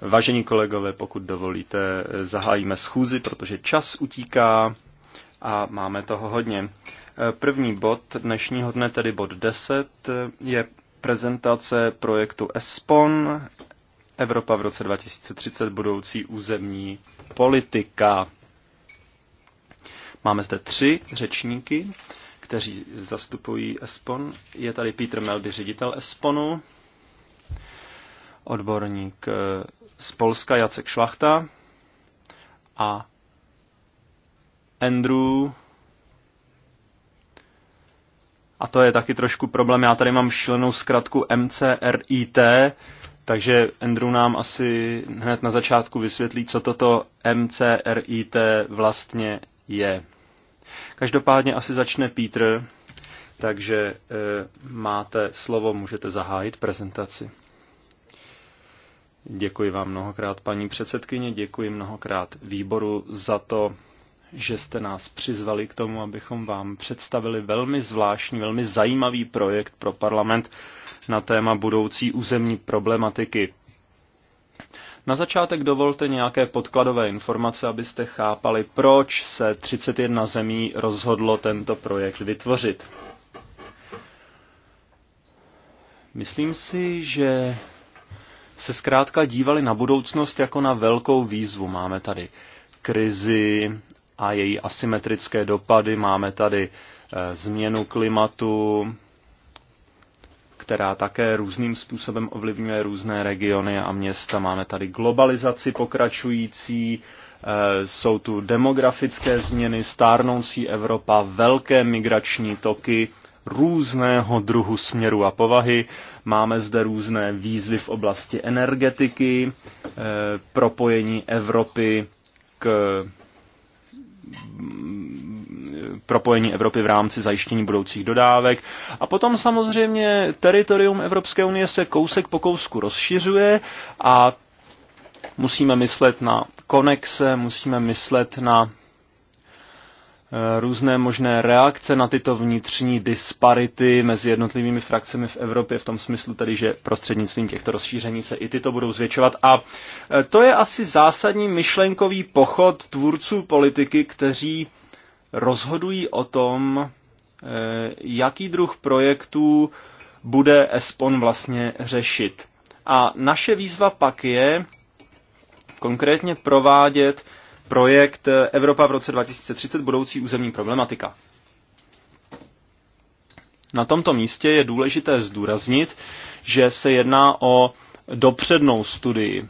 Vážení kolegové, pokud dovolíte, zahájíme schůzi, protože čas utíká a máme toho hodně. První bod dnešního dne, tedy bod 10, je prezentace projektu ESPON Evropa v roce 2030 budoucí územní politika. Máme zde tři řečníky, kteří zastupují ESPON. Je tady Peter Melby, ředitel ESPONu, odborník eh, z Polska Jacek Šlachta a Andrew a to je taky trošku problém. Já tady mám šílenou zkratku MCRIT, takže Andrew nám asi hned na začátku vysvětlí, co toto MCRIT vlastně je. Každopádně asi začne Pítr, takže e, máte slovo, můžete zahájit prezentaci. Děkuji vám mnohokrát, paní předsedkyně, děkuji mnohokrát výboru za to, že jste nás přizvali k tomu, abychom vám představili velmi zvláštní, velmi zajímavý projekt pro parlament na téma budoucí územní problematiky. Na začátek dovolte nějaké podkladové informace, abyste chápali, proč se 31 zemí rozhodlo tento projekt vytvořit. Myslím si, že se zkrátka dívali na budoucnost jako na velkou výzvu. Máme tady krizi a její asymetrické dopady, máme tady eh, změnu klimatu, která také různým způsobem ovlivňuje různé regiony a města. Máme tady globalizaci pokračující, eh, jsou tu demografické změny, stárnoucí Evropa, velké migrační toky různého druhu směru a povahy. Máme zde různé výzvy v oblasti energetiky, eh, propojení Evropy k mm, propojení Evropy v rámci zajištění budoucích dodávek. A potom samozřejmě teritorium Evropské unie se kousek po kousku rozšiřuje a musíme myslet na konexe, musíme myslet na Eh, různé možné reakce na tyto vnitřní disparity mezi jednotlivými frakcemi v Evropě v tom smyslu tedy, že prostřednictvím těchto rozšíření se i tyto budou zvětšovat. A eh, to je asi zásadní myšlenkový pochod tvůrců politiky, kteří rozhodují o tom, eh, jaký druh projektů bude ESPON vlastně řešit. A naše výzva pak je konkrétně provádět projekt eh, Evropa v roce 2030 budoucí územní problematika. Na tomto místě je důležité zdůraznit, že se jedná o dopřednou studii.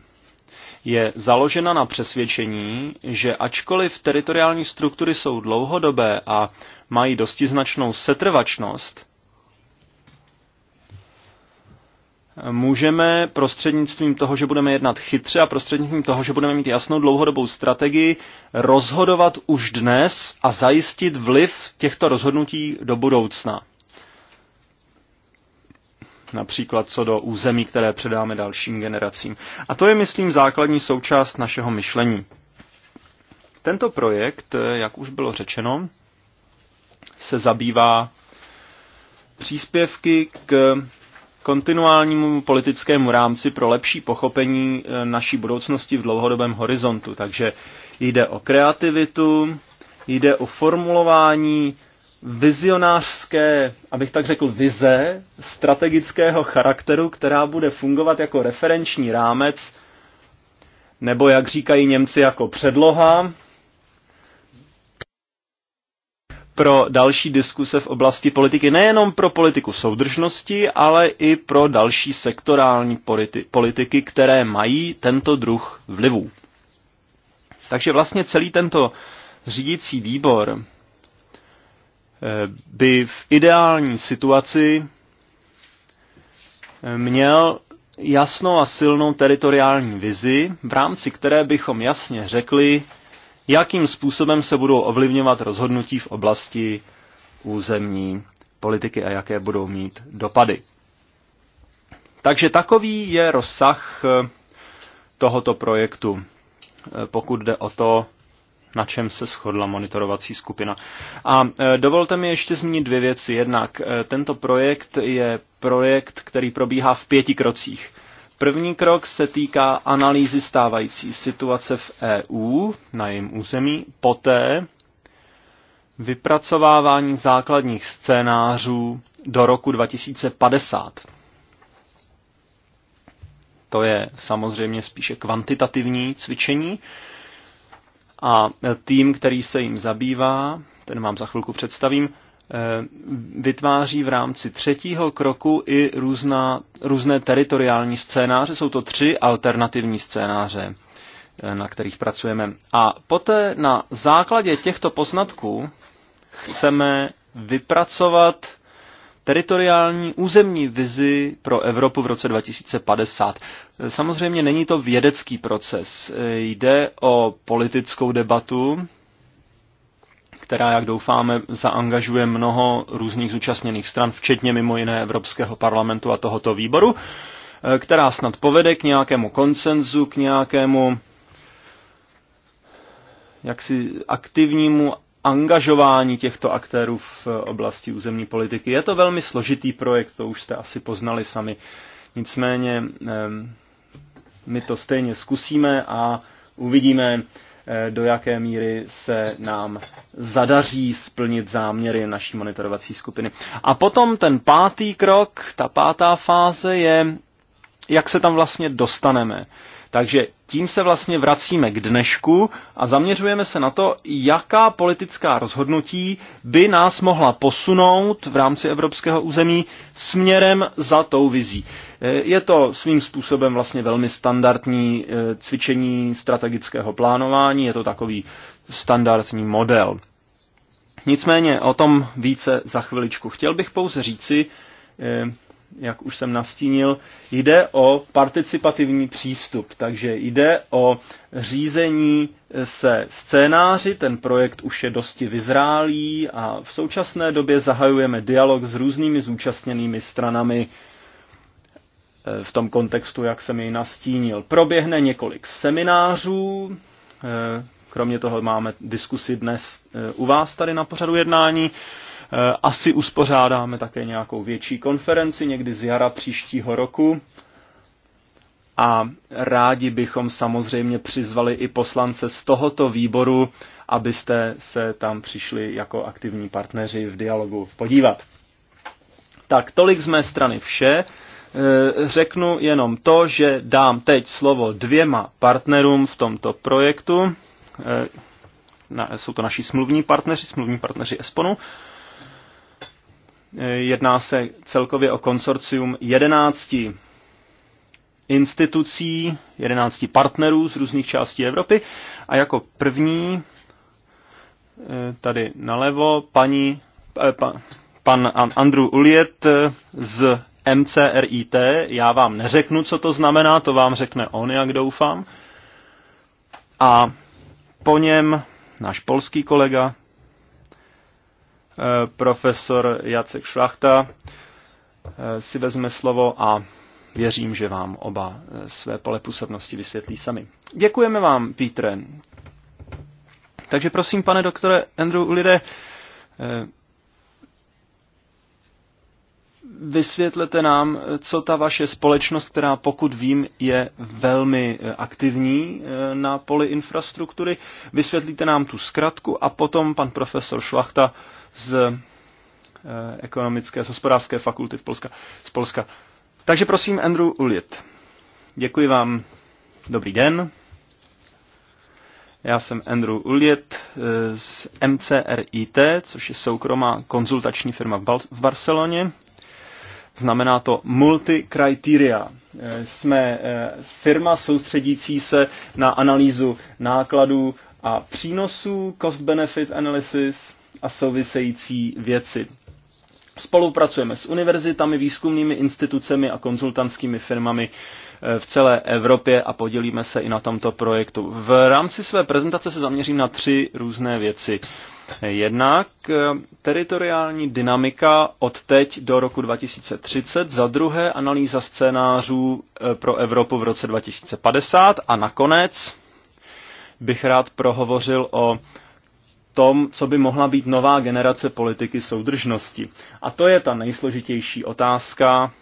Je založena na přesvědčení, že ačkoliv teritoriální struktury jsou dlouhodobé a mají dosti značnou setrvačnost, můžeme prostřednictvím toho, že budeme jednat chytře a prostřednictvím toho, že budeme mít jasnou dlouhodobou strategii, rozhodovat už dnes a zajistit vliv těchto rozhodnutí do budoucna. Například co do území, které předáme dalším generacím. A to je, myslím, základní součást našeho myšlení. Tento projekt, jak už bylo řečeno, se zabývá příspěvky k kontinuálnímu politickému rámci pro lepší pochopení e, naší budoucnosti v dlouhodobém horizontu. Takže jde o kreativitu, jde o formulování vizionářské, abych tak řekl, vize strategického charakteru, která bude fungovat jako referenční rámec, nebo jak říkají Němci jako předloha, pro další diskuse v oblasti politiky, nejenom pro politiku soudržnosti, ale i pro další sektorální politiky, které mají tento druh vlivů. Takže vlastně celý tento řídící výbor eh, by v ideální situaci eh, měl jasnou a silnou teritoriální vizi, v rámci které bychom jasně řekli, jakým způsobem se budou ovlivňovat rozhodnutí v oblasti územní politiky a jaké budou mít dopady. Takže takový je rozsah eh, tohoto projektu, eh, pokud jde o to, na čem se shodla monitorovací skupina. A eh, dovolte mi ještě zmínit dvě věci. Jednak tento projekt je projekt, který probíhá v pěti krocích. První krok se týká analýzy stávající situace v EU na jejím území, poté vypracovávání základních scénářů do roku 2050. To je samozřejmě spíše kvantitativní cvičení. A tým, který se jim zabývá, ten vám za chvilku představím, Eh, vytváří v rámci třetího kroku i různá, různé teritoriální scénáře. Jsou to tři alternativní scénáře, eh, na kterých pracujeme. A poté na základě těchto poznatků chceme vypracovat teritoriální územní vizi pro Evropu v roce 2050. Samozřejmě není to vědecký proces. Eh, jde o politickou debatu, která, jak doufáme, zaangažuje mnoho různých zúčastněných stran, včetně mimo jiné Evropského parlamentu a tohoto výboru, eh, která snad povede k nějakému konsenzu, k nějakému jaksi aktivnímu angažování těchto aktérů v eh, oblasti územní politiky. Je to velmi složitý projekt, to už jste asi poznali sami. Nicméně ehm, my to stejně zkusíme a uvidíme, Eh, do jaké míry se nám zadaří splnit záměry naší monitorovací skupiny. A potom ten pátý krok, ta pátá fáze je, jak se tam vlastně dostaneme. Takže tím se vlastně vracíme k dnešku a zaměřujeme se na to, jaká politická rozhodnutí by nás mohla posunout v rámci evropského území směrem za tou vizí. Eh, je to svým způsobem vlastně velmi standardní eh, cvičení strategického plánování, je to takový standardní model. Nicméně o tom více za chviličku. Chtěl bych pouze říci, eh, jak už jsem nastínil, jde o participativní přístup, takže jde o řízení se scénáři, ten projekt už je dosti vyzrálý a v současné době zahajujeme dialog s různými zúčastněnými stranami v tom kontextu, jak jsem jej nastínil. Proběhne několik seminářů, eh, kromě toho máme diskusi dnes eh, u vás tady na pořadu jednání. Eh, asi uspořádáme také nějakou větší konferenci někdy z jara příštího roku. A rádi bychom samozřejmě přizvali i poslance z tohoto výboru, abyste se tam přišli jako aktivní partneři v dialogu podívat. Tak, tolik z mé strany vše. Eh, řeknu jenom to, že dám teď slovo dvěma partnerům v tomto projektu. Eh, na, jsou to naši smluvní partneři, smluvní partneři Esponu. Eh, jedná se celkově o konsorcium 11 institucí, 11 partnerů z různých částí Evropy. A jako první tady nalevo paní, pa, pan Andrew Uliet z MCRIT, já vám neřeknu, co to znamená, to vám řekne on, jak doufám. A po něm náš polský kolega, eh, profesor Jacek Šlachta, eh, si vezme slovo a věřím, že vám oba eh, své pole působnosti vysvětlí sami. Děkujeme vám, Pítre. Takže prosím, pane doktore Andrew Ulide, vysvětlete nám, co ta vaše společnost, která pokud vím, je velmi eh, aktivní eh, na poli infrastruktury, vysvětlíte nám tu zkratku a potom pan profesor Šlachta z eh, ekonomické, z hospodářské fakulty v Polska, z Polska. Takže prosím, Andrew Ulit. Děkuji vám. Dobrý den. Já jsem Andrew Uliet z MCRIT, což je soukromá konzultační firma v, Bal- v Barceloně. Znamená to multi-criteria. Eh, jsme eh, firma soustředící se na analýzu nákladů a přínosů, cost benefit analysis a související věci. Spolupracujeme s univerzitami, výzkumnými institucemi a konzultantskými firmami eh, v celé Evropě a podělíme se i na tomto projektu. V rámci své prezentace se zaměřím na tři různé věci. Jednak eh, teritoriální dynamika od teď do roku 2030, za druhé analýza scénářů eh, pro Evropu v roce 2050 a nakonec bych rád prohovořil o tom, co by mohla být nová generace politiky soudržnosti. A to je ta nejsložitější otázka,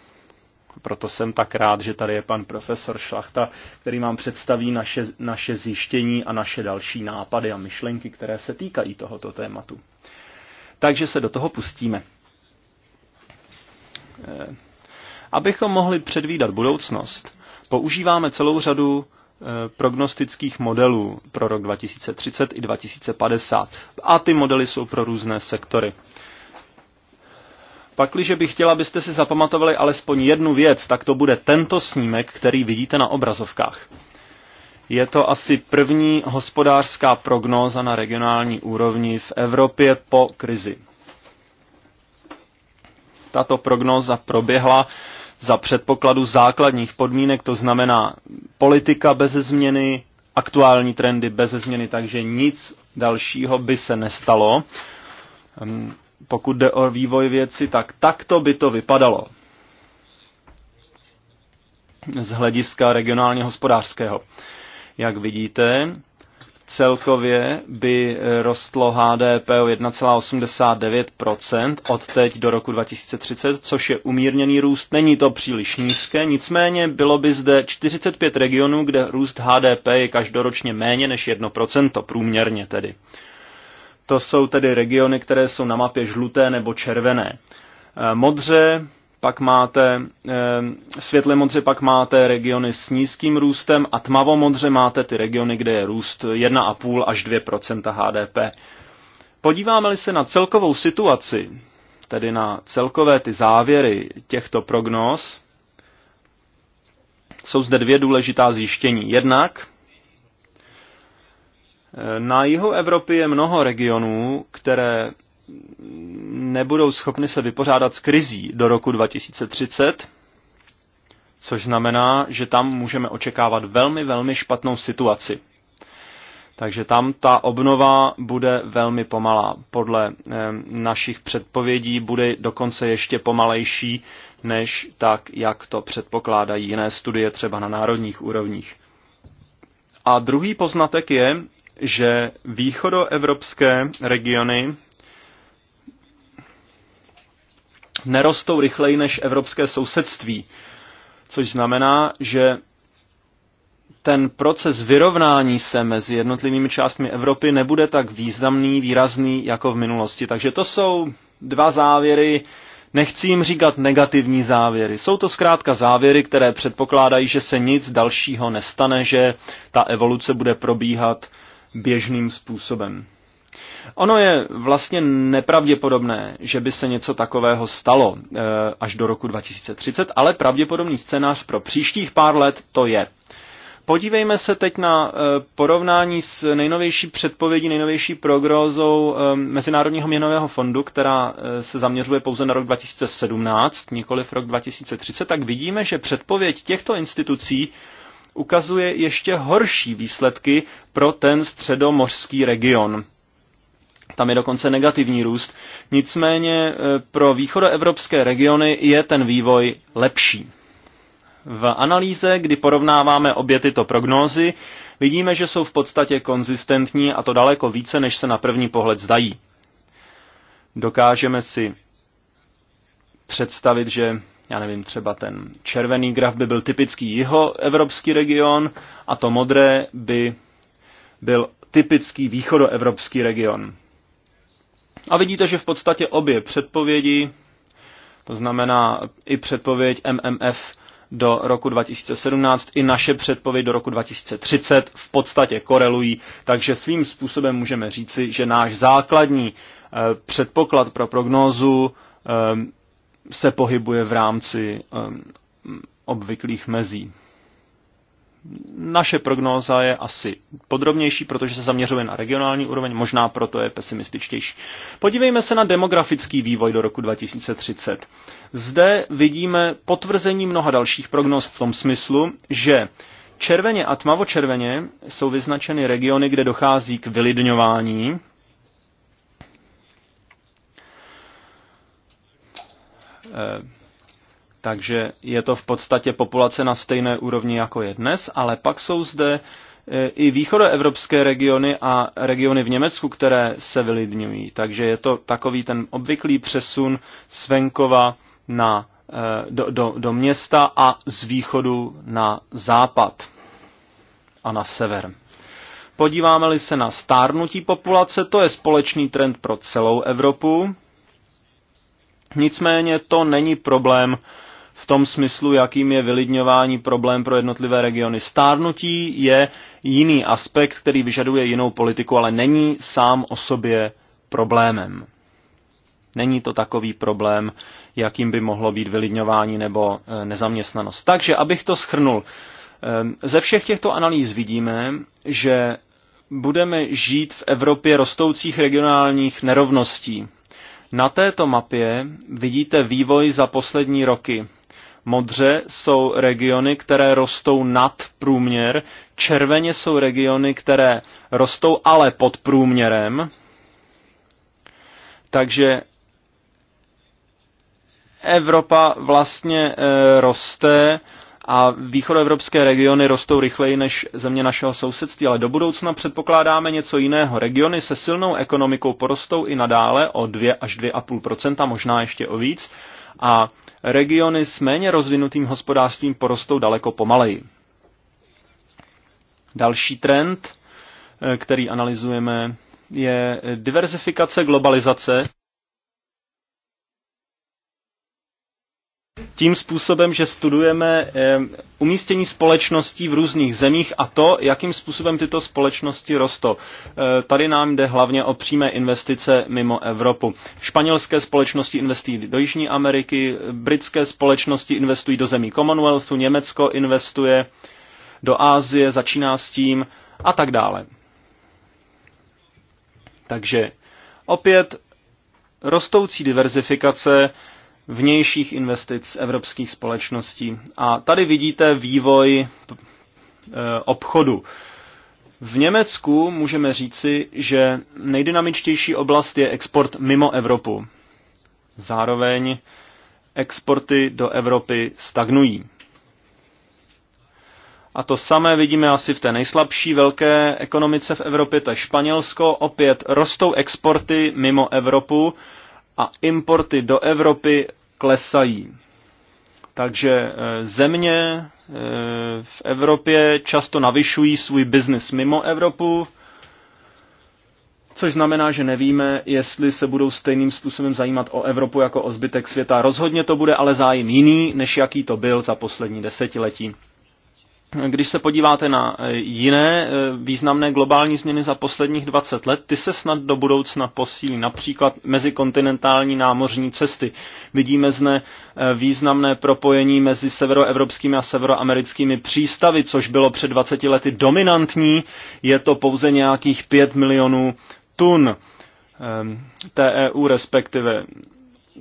proto jsem tak rád, že tady je pan profesor Šlachta, který vám představí naše, naše zjištění a naše další nápady a myšlenky, které se týkají tohoto tématu. Takže se do toho pustíme. Eh, abychom mohli předvídat budoucnost, používáme celou řadu Eh, prognostických modelů pro rok 2030 i 2050. A ty modely jsou pro různé sektory. Pakliže bych chtěla, abyste si zapamatovali alespoň jednu věc, tak to bude tento snímek, který vidíte na obrazovkách. Je to asi první hospodářská prognóza na regionální úrovni v Evropě po krizi. Tato prognóza proběhla za předpokladu základních podmínek, to znamená politika bez změny, aktuální trendy bez změny, takže nic dalšího by se nestalo. Ehm, pokud jde o vývoj věci, tak takto by to vypadalo z hlediska regionálně hospodářského. Jak vidíte, Celkově by eh, rostlo HDP o 1,89% od teď do roku 2030, což je umírněný růst. Není to příliš nízké, nicméně bylo by zde 45 regionů, kde růst HDP je každoročně méně než 1%, průměrně tedy. To jsou tedy regiony, které jsou na mapě žluté nebo červené. Eh, modře pak máte eh, světle modře, pak máte regiony s nízkým růstem a tmavomodře máte ty regiony, kde je růst 1,5 až 2 HDP. Podíváme-li se na celkovou situaci, tedy na celkové ty závěry těchto prognóz, jsou zde dvě důležitá zjištění. Jednak eh, na jihu Evropy je mnoho regionů, které nebudou schopny se vypořádat s krizí do roku 2030, což znamená, že tam můžeme očekávat velmi, velmi špatnou situaci. Takže tam ta obnova bude velmi pomalá. Podle eh, našich předpovědí bude dokonce ještě pomalejší, než tak, jak to předpokládají jiné studie třeba na národních úrovních. A druhý poznatek je, že východoevropské regiony nerostou rychleji než evropské sousedství. Což znamená, že ten proces vyrovnání se mezi jednotlivými částmi Evropy nebude tak významný, výrazný jako v minulosti. Takže to jsou dva závěry, nechci jim říkat negativní závěry. Jsou to zkrátka závěry, které předpokládají, že se nic dalšího nestane, že ta evoluce bude probíhat běžným způsobem. Ono je vlastně nepravděpodobné, že by se něco takového stalo eh, až do roku 2030, ale pravděpodobný scénář pro příštích pár let to je. Podívejme se teď na eh, porovnání s nejnovější předpovědí, nejnovější prognózou eh, Mezinárodního měnového fondu, která se zaměřuje pouze na rok 2017, nikoli v rok 2030, tak vidíme, že předpověď těchto institucí ukazuje ještě horší výsledky pro ten středomořský region tam je dokonce negativní růst. Nicméně e, pro východoevropské regiony je ten vývoj lepší. V analýze, kdy porovnáváme obě tyto prognózy, vidíme, že jsou v podstatě konzistentní a to daleko více, než se na první pohled zdají. Dokážeme si představit, že já nevím, třeba ten červený graf by byl typický jihoevropský region a to modré by byl typický východoevropský region. A vidíte, že v podstatě obě předpovědi, to znamená i předpověď MMF do roku 2017 i naše předpověď do roku 2030 v podstatě korelují, takže svým způsobem můžeme říci, že náš základní eh, předpoklad pro prognózu eh, se pohybuje v rámci eh, obvyklých mezí. Naše prognóza je asi podrobnější, protože se zaměřuje na regionální úroveň, možná proto je pesimističtější. Podívejme se na demografický vývoj do roku 2030. Zde vidíme potvrzení mnoha dalších prognóz v tom smyslu, že červeně a tmavočerveně jsou vyznačeny regiony, kde dochází k vylidňování, eh, takže je to v podstatě populace na stejné úrovni, jako je dnes, ale pak jsou zde eh, i východoevropské regiony a regiony v Německu, které se vylidňují. Takže je to takový ten obvyklý přesun z venkova na, eh, do, do, do města a z východu na západ a na sever. Podíváme-li se na stárnutí populace, to je společný trend pro celou Evropu. Nicméně to není problém v tom smyslu, jakým je vylidňování problém pro jednotlivé regiony. Stárnutí je jiný aspekt, který vyžaduje jinou politiku, ale není sám o sobě problémem. Není to takový problém, jakým by mohlo být vylidňování nebo eh, nezaměstnanost. Takže, abych to schrnul, eh, ze všech těchto analýz vidíme, že budeme žít v Evropě rostoucích regionálních nerovností. Na této mapě vidíte vývoj za poslední roky. Modře jsou regiony, které rostou nad průměr, červeně jsou regiony, které rostou ale pod průměrem. Takže Evropa vlastně e, roste a východoevropské regiony rostou rychleji než země našeho sousedství, ale do budoucna předpokládáme něco jiného. Regiony se silnou ekonomikou porostou i nadále o 2 až 2,5%, možná ještě o víc, a regiony s méně rozvinutým hospodářstvím porostou daleko pomaleji. Další trend, eh, který analyzujeme, je diverzifikace globalizace tím způsobem, že studujeme eh, umístění společností v různých zemích a to, jakým způsobem tyto společnosti rostou. Eh, tady nám jde hlavně o přímé investice mimo Evropu. Španělské společnosti investují do Jižní Ameriky, britské společnosti investují do zemí Commonwealthu, Německo investuje do Ázie, začíná s tím a tak dále. Takže opět rostoucí diverzifikace vnějších investic evropských společností. A tady vidíte vývoj e, obchodu. V Německu můžeme říci, že nejdynamičtější oblast je export mimo Evropu. Zároveň exporty do Evropy stagnují. A to samé vidíme asi v té nejslabší velké ekonomice v Evropě, to je Španělsko. Opět rostou exporty mimo Evropu, a importy do Evropy klesají. Takže eh, země eh, v Evropě často navyšují svůj biznis mimo Evropu, což znamená, že nevíme, jestli se budou stejným způsobem zajímat o Evropu jako o zbytek světa. Rozhodně to bude ale zájem jiný, než jaký to byl za poslední desetiletí. Když se podíváte na e, jiné e, významné globální změny za posledních 20 let, ty se snad do budoucna posílí, například mezikontinentální námořní cesty. Vidíme zde e, významné propojení mezi severoevropskými a severoamerickými přístavy, což bylo před 20 lety dominantní, je to pouze nějakých 5 milionů tun TEU respektive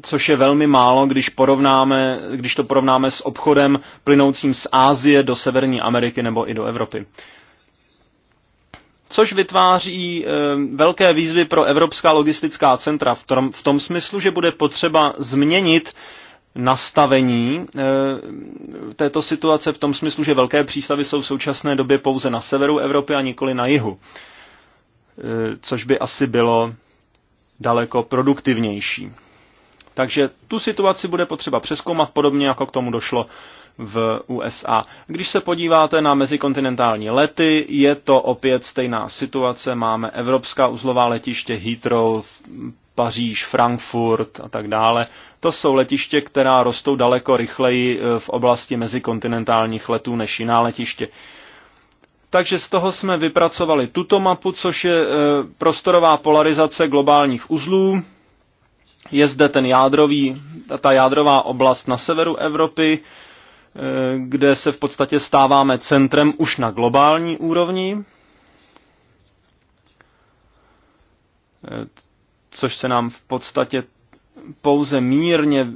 což je velmi málo, když, porovnáme, když to porovnáme s obchodem plynoucím z Ázie do Severní Ameriky nebo i do Evropy. Což vytváří e, velké výzvy pro evropská logistická centra v tom, v tom smyslu, že bude potřeba změnit nastavení e, této situace v tom smyslu, že velké přístavy jsou v současné době pouze na severu Evropy a nikoli na jihu, e, což by asi bylo daleko produktivnější. Takže tu situaci bude potřeba přeskoumat, podobně jako k tomu došlo v USA. Když se podíváte na mezikontinentální lety, je to opět stejná situace. Máme evropská uzlová letiště Heathrow, Paříž, Frankfurt a tak dále. To jsou letiště, která rostou daleko rychleji eh, v oblasti mezikontinentálních letů než jiná letiště. Takže z toho jsme vypracovali tuto mapu, což je eh, prostorová polarizace globálních uzlů. Je zde ten jádrový, ta jádrová oblast na severu Evropy, eh, kde se v podstatě stáváme centrem už na globální úrovni, eh, což se nám v podstatě pouze mírně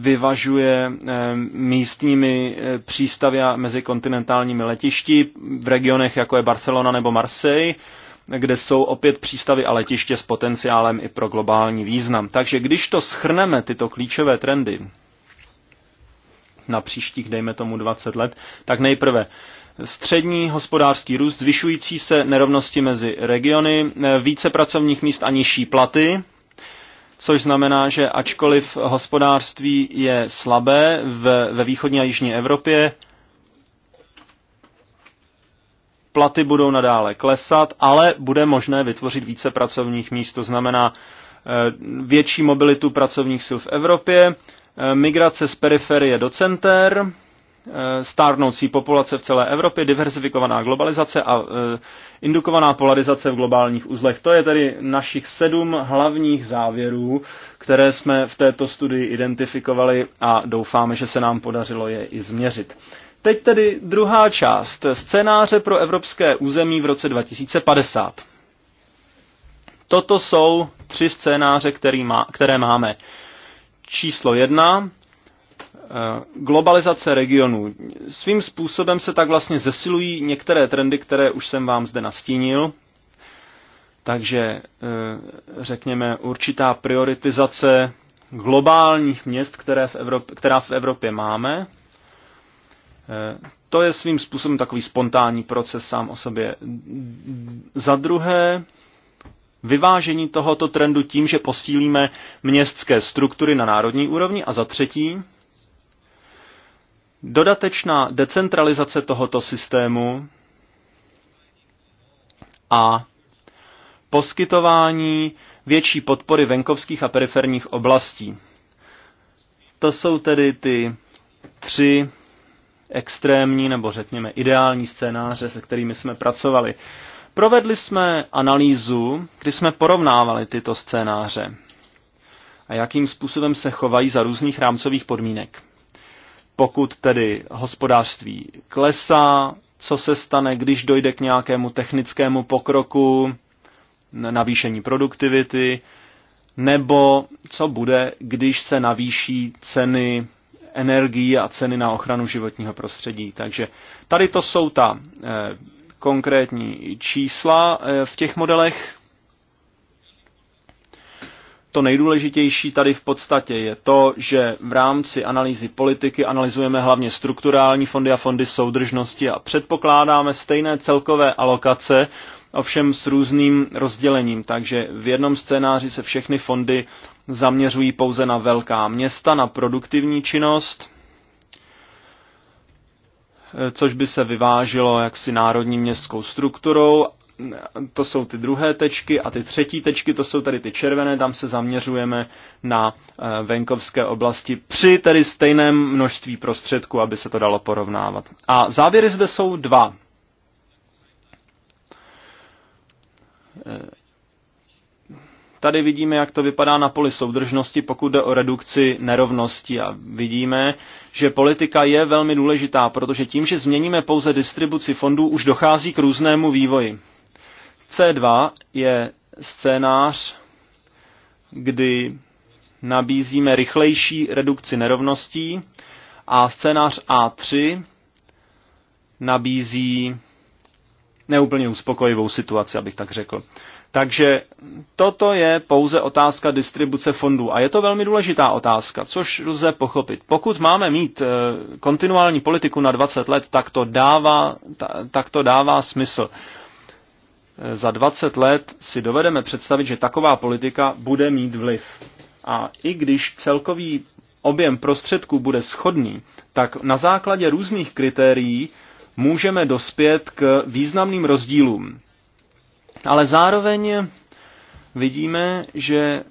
vyvažuje eh, místními přístavy a mezikontinentálními letišti v regionech jako je Barcelona nebo Marseille kde jsou opět přístavy a letiště s potenciálem i pro globální význam. Takže když to schrneme, tyto klíčové trendy, na příštích, dejme tomu 20 let, tak nejprve střední hospodářský růst, zvyšující se nerovnosti mezi regiony, více pracovních míst a nižší platy, což znamená, že ačkoliv hospodářství je slabé v, ve východní a jižní Evropě, platy budou nadále klesat, ale bude možné vytvořit více pracovních míst, to znamená eh, větší mobilitu pracovních sil v Evropě, eh, migrace z periferie do center, eh, stárnoucí populace v celé Evropě, diverzifikovaná globalizace a indukovaná polarizace v globálních uzlech. To je tedy našich sedm hlavních závěrů, které jsme v této studii identifikovali a doufáme, že se nám podařilo je i změřit. Teď tedy druhá část. Scénáře pro evropské území v roce 2050. Toto jsou tři scénáře, který má, které máme. Číslo jedna, eh, globalizace regionů. Svým způsobem se tak vlastně zesilují některé trendy, které už jsem vám zde nastínil. Takže eh, řekněme určitá prioritizace globálních měst, které v Evropě, která v Evropě máme, to je svým způsobem takový spontánní proces sám o sobě. Za druhé, vyvážení tohoto trendu tím, že posílíme městské struktury na národní úrovni a za třetí, dodatečná decentralizace tohoto systému a poskytování větší podpory venkovských a periferních oblastí. To jsou tedy ty tři extrémní nebo řekněme ideální scénáře, se kterými jsme pracovali. Provedli jsme analýzu, kdy jsme porovnávali tyto scénáře a jakým způsobem se chovají za různých rámcových podmínek. Pokud tedy hospodářství klesá, co se stane, když dojde k nějakému technickému pokroku, navýšení produktivity, nebo co bude, když se navýší ceny energií a ceny na ochranu životního prostředí. Takže tady to jsou ta eh, konkrétní čísla eh, v těch modelech. To nejdůležitější tady v podstatě je to, že v rámci analýzy politiky analyzujeme hlavně strukturální fondy a fondy soudržnosti a předpokládáme stejné celkové alokace, ovšem s různým rozdělením. Takže v jednom scénáři se všechny fondy zaměřují pouze na velká města, na produktivní činnost, což by se vyvážilo jaksi národní městskou strukturou. To jsou ty druhé tečky a ty třetí tečky, to jsou tady ty červené, tam se zaměřujeme na eh, venkovské oblasti při tedy stejném množství prostředků, aby se to dalo porovnávat. A závěry zde jsou dva eh, Tady vidíme, jak to vypadá na poli soudržnosti, pokud jde o redukci nerovností. A vidíme, že politika je velmi důležitá, protože tím, že změníme pouze distribuci fondů, už dochází k různému vývoji. C2 je scénář, kdy nabízíme rychlejší redukci nerovností a scénář A3 nabízí neúplně uspokojivou situaci, abych tak řekl. Takže toto je pouze otázka distribuce fondů a je to velmi důležitá otázka, což lze pochopit. Pokud máme mít eh, kontinuální politiku na 20 let, tak to dává, tak to dává smysl. Eh, za 20 let si dovedeme představit, že taková politika bude mít vliv. A i když celkový objem prostředků bude schodný, tak na základě různých kritérií můžeme dospět k významným rozdílům ale zároveň vidíme, že eh,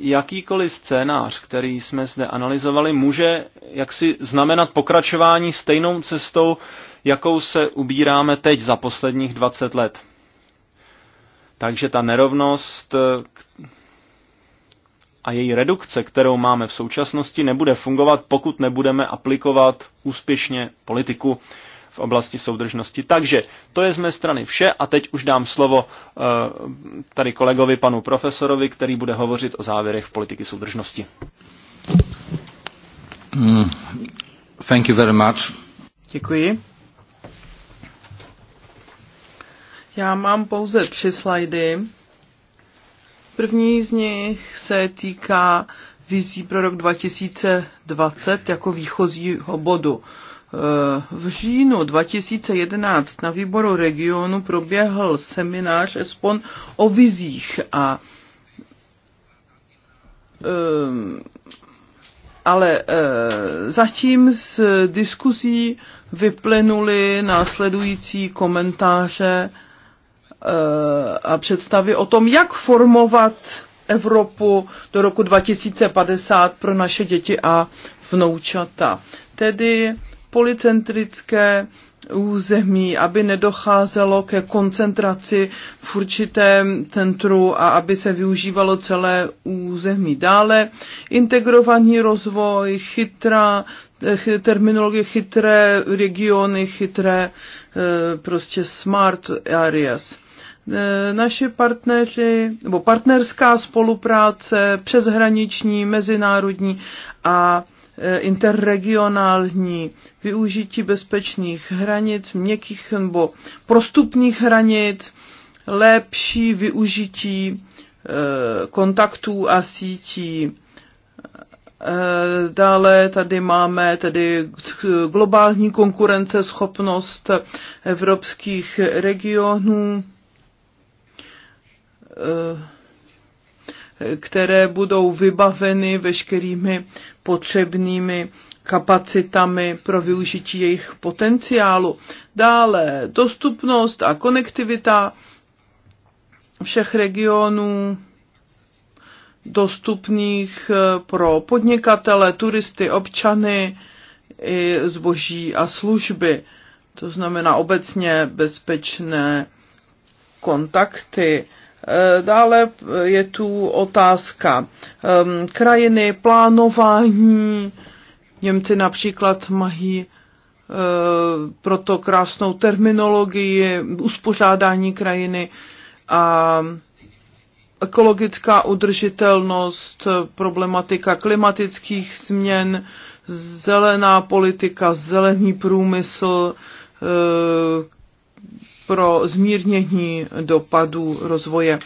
jakýkoliv scénář, který jsme zde analyzovali, může jaksi znamenat pokračování stejnou cestou, jakou se ubíráme teď za posledních 20 let. Takže ta nerovnost eh, a její redukce, kterou máme v současnosti, nebude fungovat, pokud nebudeme aplikovat úspěšně politiku, v oblasti soudržnosti. Takže to je z mé strany vše a teď už dám slovo eh, tady kolegovi panu profesorovi, který bude hovořit o závěrech politiky soudržnosti. Hmm. thank you very much. Děkuji. Já mám pouze tři slajdy. První z nich se týká vizí pro rok 2020 jako výchozího bodu v říjnu 2011 na výboru regionu proběhl seminář ESPON o vizích a ehm, ale eh, zatím z diskuzí vyplynuly následující komentáře eh, a představy o tom, jak formovat Evropu do roku 2050 pro naše děti a vnoučata. Tedy policentrické území, aby nedocházelo ke koncentraci v určitém centru a aby se využívalo celé území. Dále integrovaný rozvoj, chytrá eh, terminologie chytré regiony, chytré eh, prostě smart areas. Eh, naši partneři, nebo partnerská spolupráce, přeshraniční, mezinárodní a Eh, interregionální využití bezpečných hranic, měkkých nebo prostupních hranic, lepší využití eh, kontaktů a sítí. Eh, dále tady máme tedy globální konkurenceschopnost evropských regionů které budou vybaveny veškerými potřebnými kapacitami pro využití jejich potenciálu. Dále dostupnost a konektivita všech regionů dostupných eh, pro podnikatele, turisty, občany, i zboží a služby. To znamená obecně bezpečné kontakty Eh, dále eh, je tu otázka ehm, krajiny, plánování. Němci například mají eh, proto krásnou terminologii, uspořádání krajiny a ekologická udržitelnost, problematika klimatických změn, zelená politika, zelený průmysl, pro zmírnění dopadů rozvoje.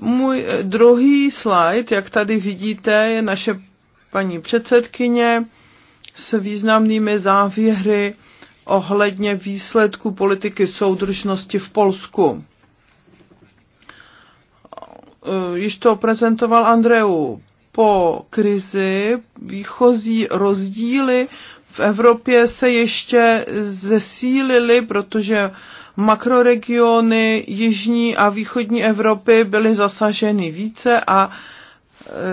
Můj druhý slide, jak tady vidíte, je naše paní předsedkyně s významnými závěry ohledně výsledku politiky soudržnosti v Polsku. Již to prezentoval Andreu. Po krizi výchozí rozdíly v Evropě se ještě zesílily, protože makroregiony jižní a východní Evropy byly zasaženy více a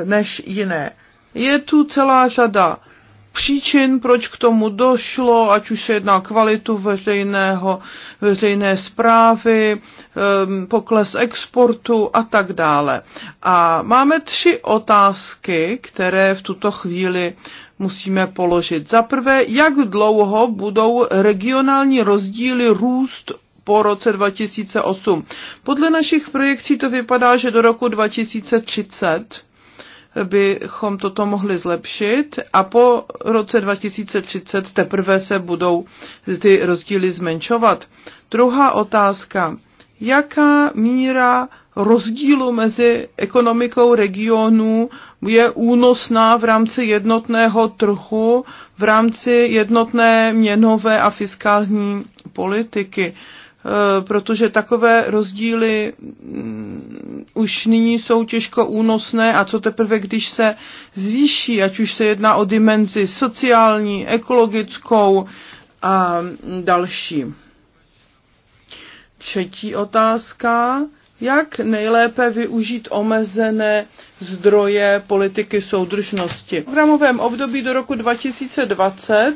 e, než jiné. Je tu celá řada příčin, proč k tomu došlo, ať už se jedná kvalitu veřejného, veřejné zprávy, pokles exportu a tak dále. A máme tři otázky, které v tuto chvíli musíme položit. Za prvé, jak dlouho budou regionální rozdíly růst po roce 2008. Podle našich projekcí to vypadá, že do roku 2030 bychom toto mohli zlepšit a po roce 2030 teprve se budou ty rozdíly zmenšovat. Druhá otázka. Jaká míra rozdílu mezi ekonomikou regionů je únosná v rámci jednotného trhu, v rámci jednotné měnové a fiskální politiky? Eh, protože takové rozdíly mm, už nyní jsou těžko únosné a co teprve, když se zvýší, ať už se jedná o dimenzi sociální, ekologickou a mm, další. Třetí otázka. Jak nejlépe využít omezené zdroje politiky soudržnosti? V programovém období do roku 2020 eh,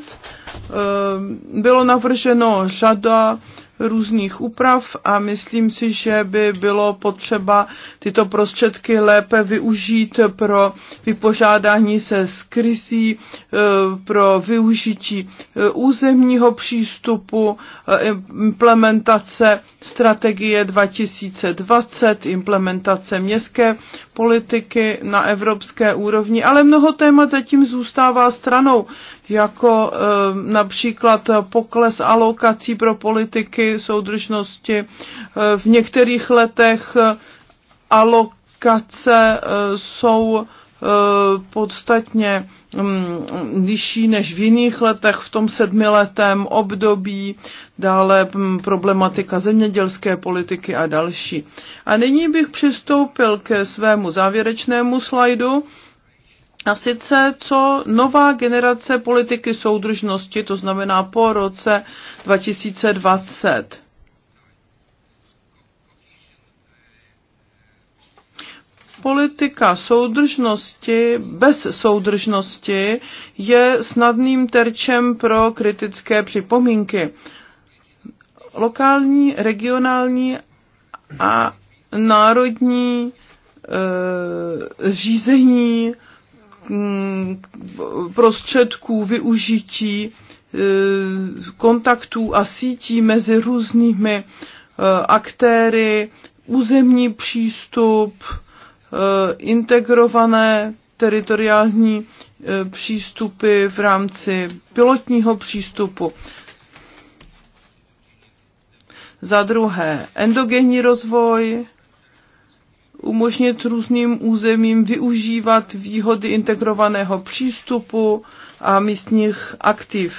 bylo navrženo řada různých úprav a myslím si, že by bylo potřeba tyto prostředky lépe využít pro vypořádání se s krizí, e, pro využití e, územního přístupu, e, implementace strategie 2020, implementace městské politiky na evropské úrovni, ale mnoho témat zatím zůstává stranou, jako eh, například pokles alokací pro politiky soudržnosti. Eh, v některých letech alokace eh, jsou Eh, podstatně nižší mm, než v jiných letech v tom sedmiletém období, dále mm, problematika zemědělské politiky a další. A nyní bych přistoupil ke svému závěrečnému slajdu. A sice, co nová generace politiky soudržnosti, to znamená po roce 2020. politika soudržnosti bez soudržnosti je snadným terčem pro kritické připomínky. Lokální, regionální a národní e, řízení mm, prostředků využití eh, kontaktů a sítí mezi různými eh, aktéry, územní přístup, Eh, integrované teritoriální eh, přístupy v rámci pilotního přístupu. Za druhé, endogenní rozvoj, umožnit různým územím využívat výhody integrovaného přístupu a místních aktiv.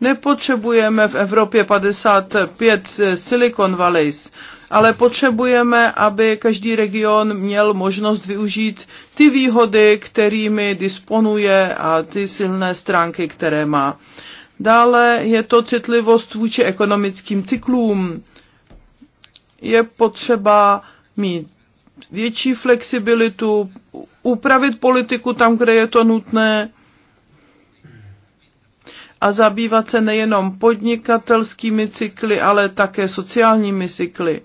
Nepotřebujeme v Evropě 55 eh, Silicon Valleys, ale potřebujeme, aby každý region měl možnost využít ty výhody, kterými disponuje a ty silné stránky, které má. Dále je to citlivost vůči ekonomickým cyklům. Je potřeba mít větší flexibilitu, upravit politiku tam, kde je to nutné, a zabývat se nejenom podnikatelskými cykly, ale také sociálními cykly.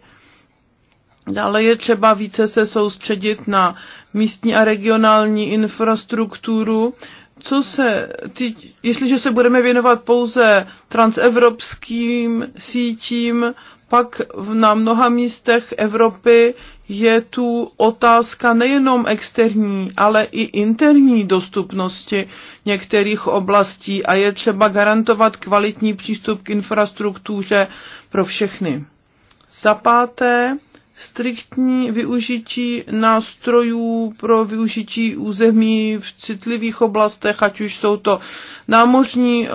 Dále je třeba více se soustředit na místní a regionální infrastrukturu. Co se, ty, jestliže se budeme věnovat pouze transevropským sítím, pak na mnoha místech Evropy je tu otázka nejenom externí, ale i interní dostupnosti některých oblastí a je třeba garantovat kvalitní přístup k infrastruktuře pro všechny. Za páté, striktní využití nástrojů pro využití území v citlivých oblastech, ať už jsou to námořní e,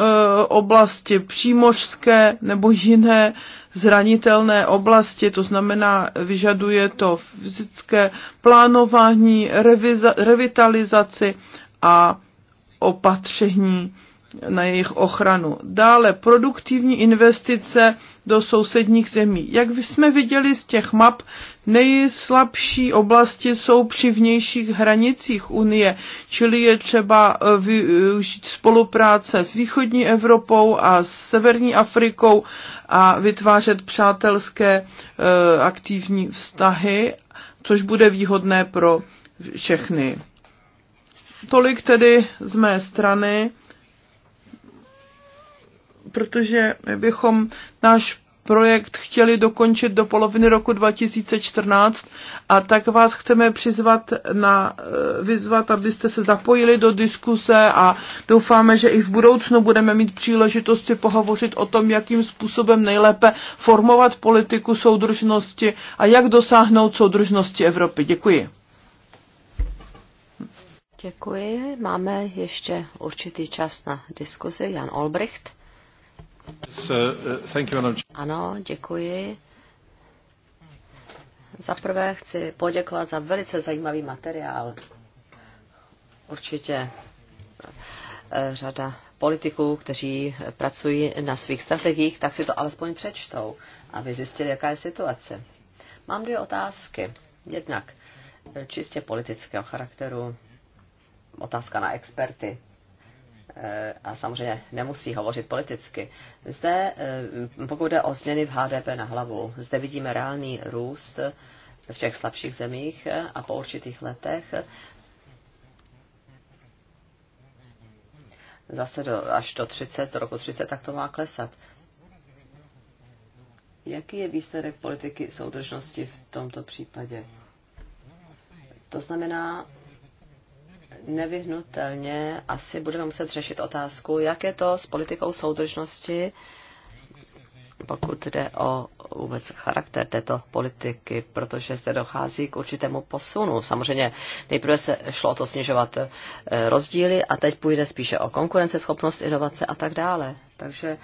oblasti, přímořské nebo jiné zranitelné oblasti, to znamená, vyžaduje to fyzické plánování, reviza, revitalizaci a opatření na jejich ochranu. Dále produktivní investice do sousedních zemí. Jak jsme viděli z těch map, Nejslabší oblasti jsou při vnějších hranicích Unie, čili je třeba eh, využít spolupráce s východní Evropou a s severní Afrikou a vytvářet přátelské eh, aktivní vztahy, což bude výhodné pro všechny. Tolik tedy z mé strany, protože bychom náš projekt chtěli dokončit do poloviny roku 2014 a tak vás chceme přizvat na, eh, vyzvat, abyste se zapojili do diskuse a doufáme, že i v budoucnu budeme mít příležitosti pohovořit o tom, jakým způsobem nejlépe formovat politiku soudržnosti a jak dosáhnout soudržnosti Evropy. Děkuji. Děkuji. Máme ještě určitý čas na diskuzi. Jan Olbricht. Uh, ano, děkuji. Za prvé chci poděkovat za velice zajímavý materiál. Určitě eh, řada politiků, kteří pracují na svých strategiích, tak si to alespoň přečtou, aby zjistili, jaká je situace. Mám dvě otázky. Jednak eh, čistě politického charakteru, otázka na experty. Eh, a samozřejmě nemusí hovořit politicky. Zde, eh, pokud jde o změny v HDP na hlavu, zde vidíme reálný růst v těch slabších zemích eh, a po určitých letech zase do, až do 30, do roku 30, tak to má klesat. Jaký je výsledek politiky soudržnosti v tomto případě? To znamená, nevyhnutelně asi budeme muset řešit otázku, jak je to s politikou soudržnosti, pokud jde o vůbec charakter této politiky, protože zde dochází k určitému posunu. Samozřejmě nejprve se šlo o to snižovat eh, rozdíly a teď půjde spíše o konkurenceschopnost, inovace a tak dále. Takže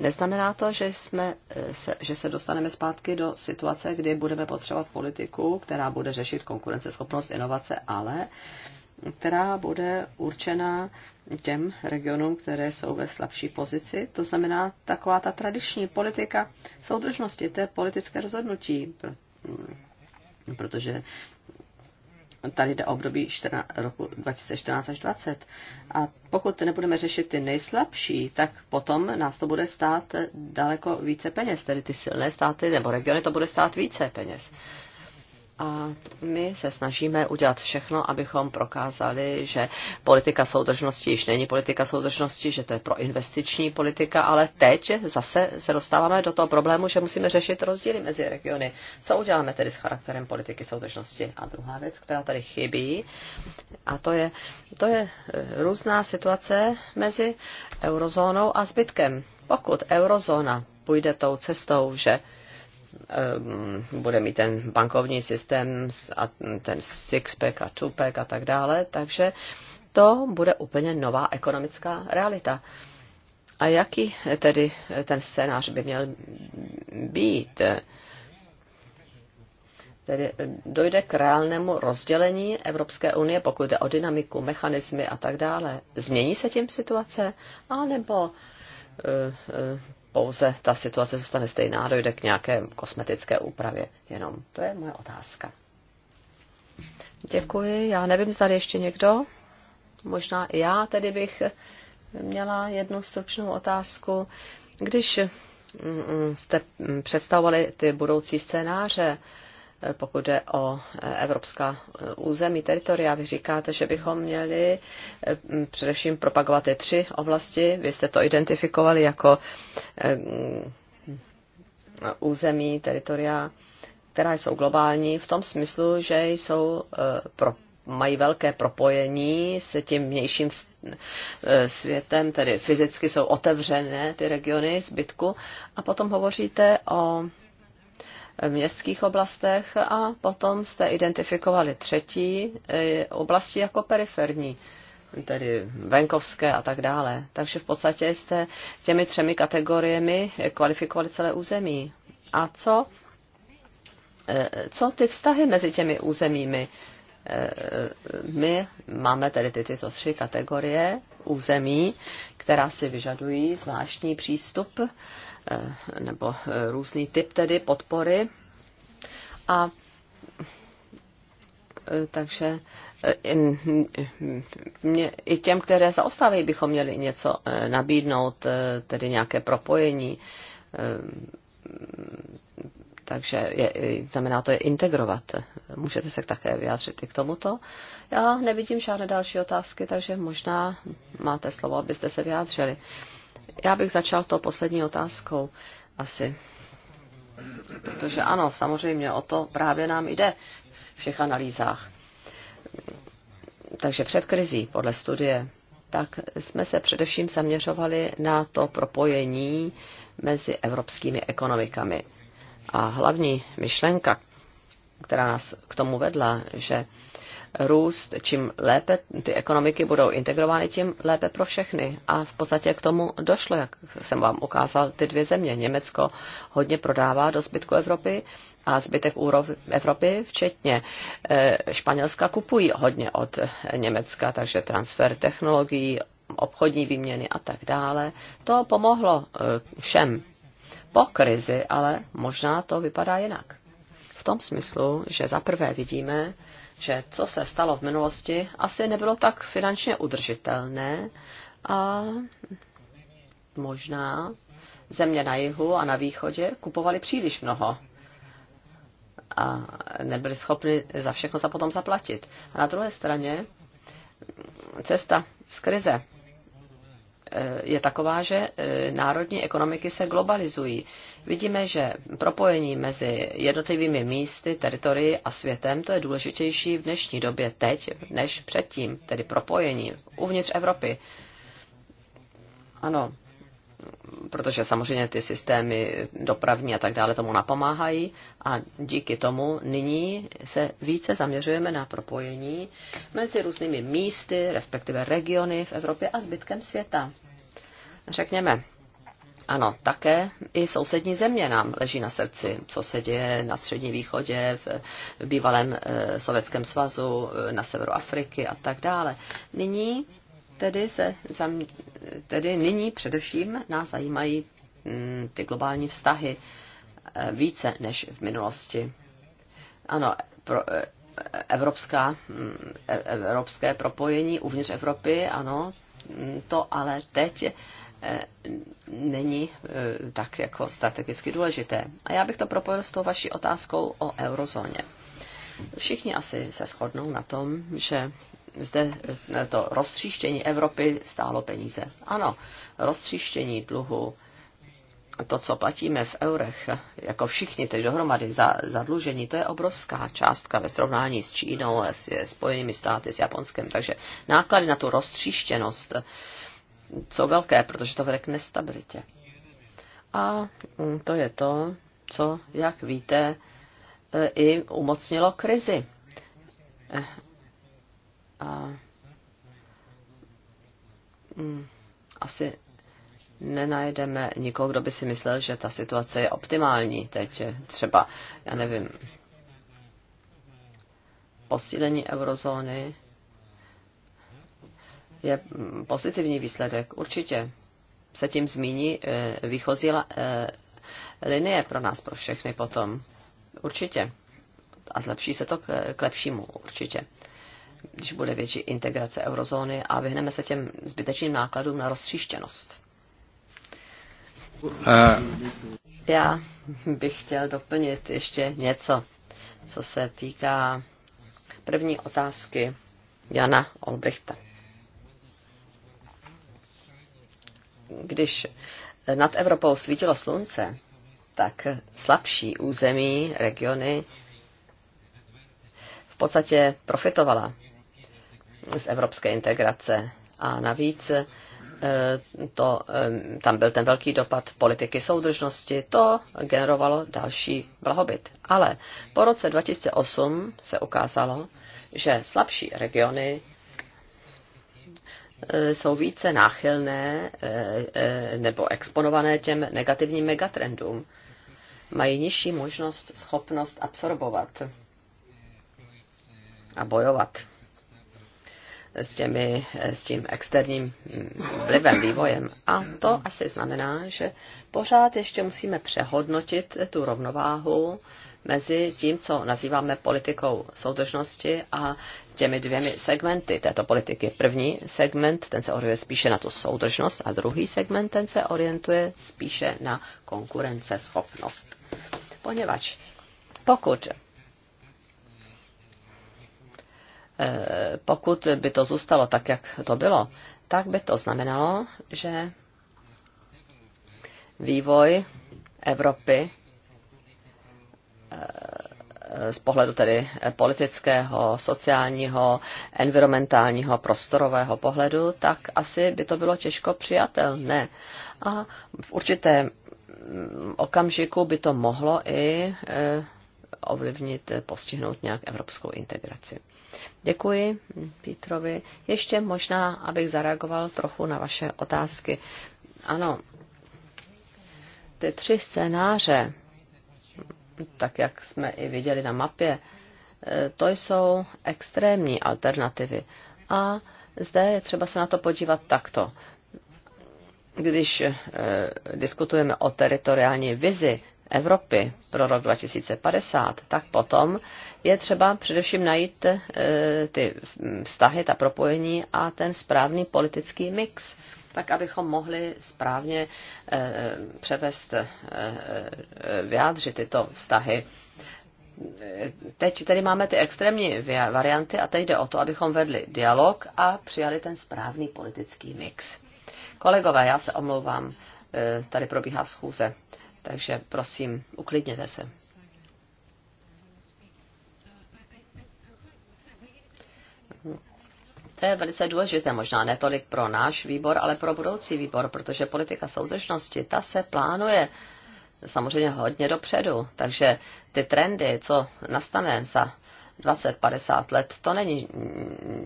neznamená to, že, jsme, eh, se, že se dostaneme zpátky do situace, kdy budeme potřebovat politiku, která bude řešit konkurenceschopnost, inovace, ale která bude určena těm regionům, které jsou ve slabší pozici. To znamená taková ta tradiční politika soudržnosti, to je politické rozhodnutí, mm, protože tady jde o období 14, roku 2014 až 2020. A pokud nebudeme řešit ty nejslabší, tak potom nás to bude stát daleko více peněz, tedy ty silné státy nebo regiony to bude stát více peněz. A my se snažíme udělat všechno, abychom prokázali, že politika soudržnosti již není politika soudržnosti, že to je proinvestiční politika, ale teď zase se dostáváme do toho problému, že musíme řešit rozdíly mezi regiony. Co uděláme tedy s charakterem politiky soudržnosti? A druhá věc, která tady chybí, a to je, to je eh, různá situace mezi eurozónou a zbytkem. Pokud eurozóna půjde tou cestou, že Ehm, bude mít ten bankovní systém a ten six-pack a two-pack a tak dále, takže to bude úplně nová ekonomická realita. A jaký tedy ten scénář by měl být? Tedy dojde k reálnému rozdělení Evropské unie, pokud jde o dynamiku, mechanismy a tak dále. Změní se tím situace? A nebo eh, eh, pouze ta situace zůstane stejná, dojde k nějaké kosmetické úpravě jenom. To je moje otázka. Děkuji. Já nevím, zda ještě někdo. Možná i já tedy bych měla jednu stručnou otázku. Když mm, mm, jste mm, představovali ty budoucí scénáře, Eh, pokud jde o eh, evropská eh, území, teritoria. Vy říkáte, že bychom měli především propagovat ty tři oblasti. Vy jste to identifikovali jako území, teritoria, která jsou globální v tom smyslu, že jsou pro mají velké propojení s tím vnějším světem, tedy fyzicky jsou otevřené ty regiony zbytku. A potom hovoříte o v městských oblastech a potom jste identifikovali třetí eh, oblasti jako periferní tedy venkovské a tak dále. Takže v podstatě jste těmi třemi kategoriemi kvalifikovali celé území. A co, eh, co ty vztahy mezi těmi územími? Eh, my máme tedy ty, tyto tři kategorie území, která si vyžadují zvláštní přístup Eh, nebo eh, různý typ tedy podpory. A eh, takže mě, i těm, které zaostávají, bychom měli něco nabídnout, tedy nějaké propojení. Takže je, znamená to je integrovat. Můžete se také vyjádřit i k tomuto. Já nevidím žádné další otázky, takže možná máte slovo, abyste se vyjádřili. Uh, já bych začal tou poslední otázkou asi. Protože ano, samozřejmě o to právě nám jde v všech analýzách. Takže před krizí, podle studie, tak jsme se především zaměřovali na to propojení mezi evropskými ekonomikami. A hlavní myšlenka, která nás k tomu vedla, že růst, čím lépe ty ekonomiky budou integrovány, tím lépe pro všechny. A v podstatě k tomu došlo, jak jsem vám ukázal, ty dvě země. Německo hodně prodává do zbytku Evropy a zbytek Evropy, včetně eh, Španělska, kupují hodně od Německa, takže transfer technologií, obchodní výměny a tak dále. To pomohlo eh, všem. Po krizi ale možná to vypadá jinak. V tom smyslu, že za prvé vidíme, že co se stalo v minulosti, asi nebylo tak finančně udržitelné a možná země na jihu a na východě kupovali příliš mnoho a nebyli schopni za všechno za potom zaplatit. A na druhé straně cesta z krize je taková, že e, národní ekonomiky se globalizují. Vidíme, že propojení mezi jednotlivými místy, teritorií a světem, to je důležitější v dnešní době teď než předtím, tedy propojení uvnitř Evropy. Ano, protože samozřejmě ty systémy dopravní a tak dále tomu napomáhají a díky tomu nyní se více zaměřujeme na propojení mezi různými místy, respektive regiony v Evropě a zbytkem světa. Řekněme, ano, také i sousední země nám leží na srdci, co se děje na střední východě, v bývalém eh, Sovětském svazu, eh, na severu Afriky a tak dále. Nyní Tedy, se, tedy nyní především nás zajímají mm, ty globální vztahy e, více než v minulosti. Ano, pro, e, evropská, mm, e, evropské propojení uvnitř Evropy, ano, mm, to ale teď není tak jako strategicky důležité. A já bych to propojil s tou vaší otázkou o eurozóně. Všichni asi se shodnou na tom, že zde eh, to roztříštění Evropy stálo peníze. Ano, roztříštění dluhu, to, co platíme v eurech, jako všichni teď dohromady za zadlužení, to je obrovská částka ve srovnání s Čínou, s, Spojenými státy, s Japonskem. Takže náklady na tu roztříštěnost jsou velké, protože to vede k nestabilitě. A mm, to je to, co, jak víte, eh, i umocnilo krizi eh, a mm, asi nenajdeme nikoho, kdo by si myslel, že ta situace je optimální teď. Třeba, já nevím, posílení eurozóny je pozitivní výsledek, určitě. Se tím zmíní eh, výchozí eh, linie pro nás, pro všechny potom. Určitě. A zlepší se to k, k lepšímu, určitě když bude větší integrace eurozóny a vyhneme se těm zbytečným nákladům na roztříštěnost. Uh. Já bych chtěl doplnit ještě něco, co se týká první otázky Jana Olbrichta. Když nad Evropou svítilo slunce, tak slabší území, regiony v podstatě profitovala z evropské integrace. A navíc e, to, e, tam byl ten velký dopad politiky soudržnosti, to generovalo další blahobyt. Ale po roce 2008 se ukázalo, že slabší regiony e, jsou více náchylné nebo exponované těm negativním megatrendům. Mají nižší možnost, schopnost absorbovat a bojovat s, těmi, s tím externím mm, vlivem, vývojem. A to asi znamená, že pořád ještě musíme přehodnotit tu rovnováhu mezi tím, co nazýváme politikou soudržnosti a těmi dvěmi segmenty této politiky. První segment, ten se orientuje spíše na tu soudržnost a druhý segment, ten se orientuje spíše na konkurenceschopnost. Poněvadž pokud E, pokud by to zůstalo tak, jak to bylo, tak by to znamenalo, že vývoj Evropy e, z pohledu tedy politického, sociálního, environmentálního, prostorového pohledu, tak asi by to bylo těžko přijatelné. A v určitém okamžiku by to mohlo i e, ovlivnit, postihnout nějak evropskou integraci. Děkuji Pítrovi. Ještě možná, abych zareagoval trochu na vaše otázky. Ano, ty tři scénáře, tak jak jsme i viděli na mapě, to jsou extrémní alternativy. A zde je třeba se na to podívat takto. Když e, diskutujeme o teritoriální vizi, Evropy pro rok 2050, tak potom je třeba především najít e, ty vztahy, ta propojení a ten správný politický mix, tak abychom mohli správně e, převést, e, vyjádřit tyto vztahy. Teď tady máme ty extrémní varianty a teď jde o to, abychom vedli dialog a přijali ten správný politický mix. Kolegové, já se omlouvám, tady probíhá schůze. Takže prosím, uklidněte se. To je velice důležité, možná netolik pro náš výbor, ale pro budoucí výbor, protože politika soudržnosti, ta se plánuje samozřejmě hodně dopředu. Takže ty trendy, co nastane za 20-50 let, to není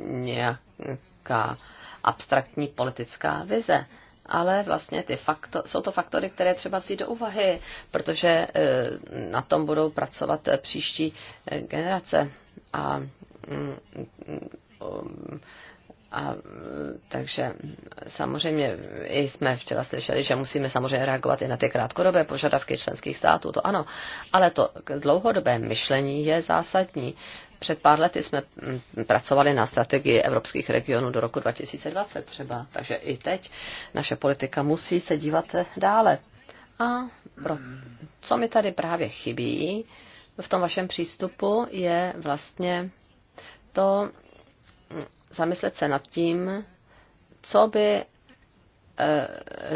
nějaká abstraktní politická vize ale vlastně ty fakto, jsou to faktory, které třeba vzít do úvahy, protože eh, na tom budou pracovat eh, příští eh, generace. A, mm, mm, a takže samozřejmě i jsme včera slyšeli, že musíme samozřejmě reagovat i na ty krátkodobé požadavky členských států, to ano, ale to dlouhodobé myšlení je zásadní, před pár lety jsme mm, pracovali na strategii evropských regionů do roku 2020 třeba, takže i teď naše politika musí se dívat dále. A pro, co mi tady právě chybí v tom vašem přístupu je vlastně to mm, zamyslet se nad tím, co by eh,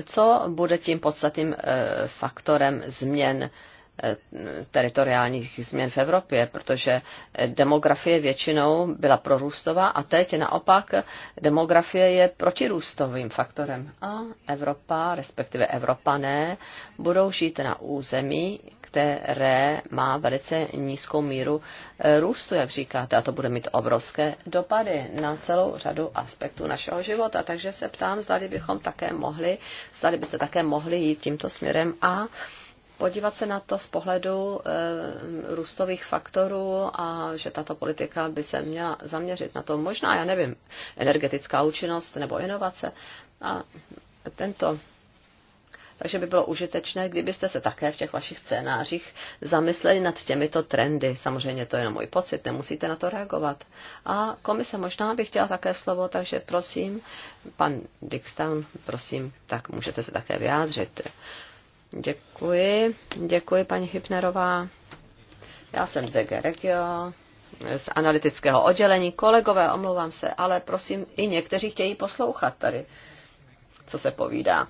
co bude tím podstatným eh, faktorem změn Eh, teritoriálních změn v Evropě, protože eh, demografie většinou byla prorůstová a teď naopak demografie je protirůstovým faktorem. A Evropa, respektive Evropané, budou žít na území, které má velice nízkou míru eh, růstu, jak říkáte, a to bude mít obrovské dopady na celou řadu aspektů našeho života. Takže se ptám, zda bychom také mohli, zda byste také mohli jít tímto směrem a podívat se na to z pohledu eh, růstových faktorů a že tato politika by se měla zaměřit na to možná, já nevím, energetická účinnost nebo inovace. A tento takže by bylo užitečné, kdybyste se také v těch vašich scénářích zamysleli nad těmito trendy. Samozřejmě to je jenom můj pocit, nemusíte na to reagovat. A komise možná by chtěla také slovo, takže prosím, pan Dickstown, prosím, tak můžete se také vyjádřit. Děkuji. Děkuji, paní Hypnerová. Já jsem z DG Regio, z analytického oddělení. Kolegové, omlouvám se, ale prosím, i někteří chtějí poslouchat tady, co se povídá.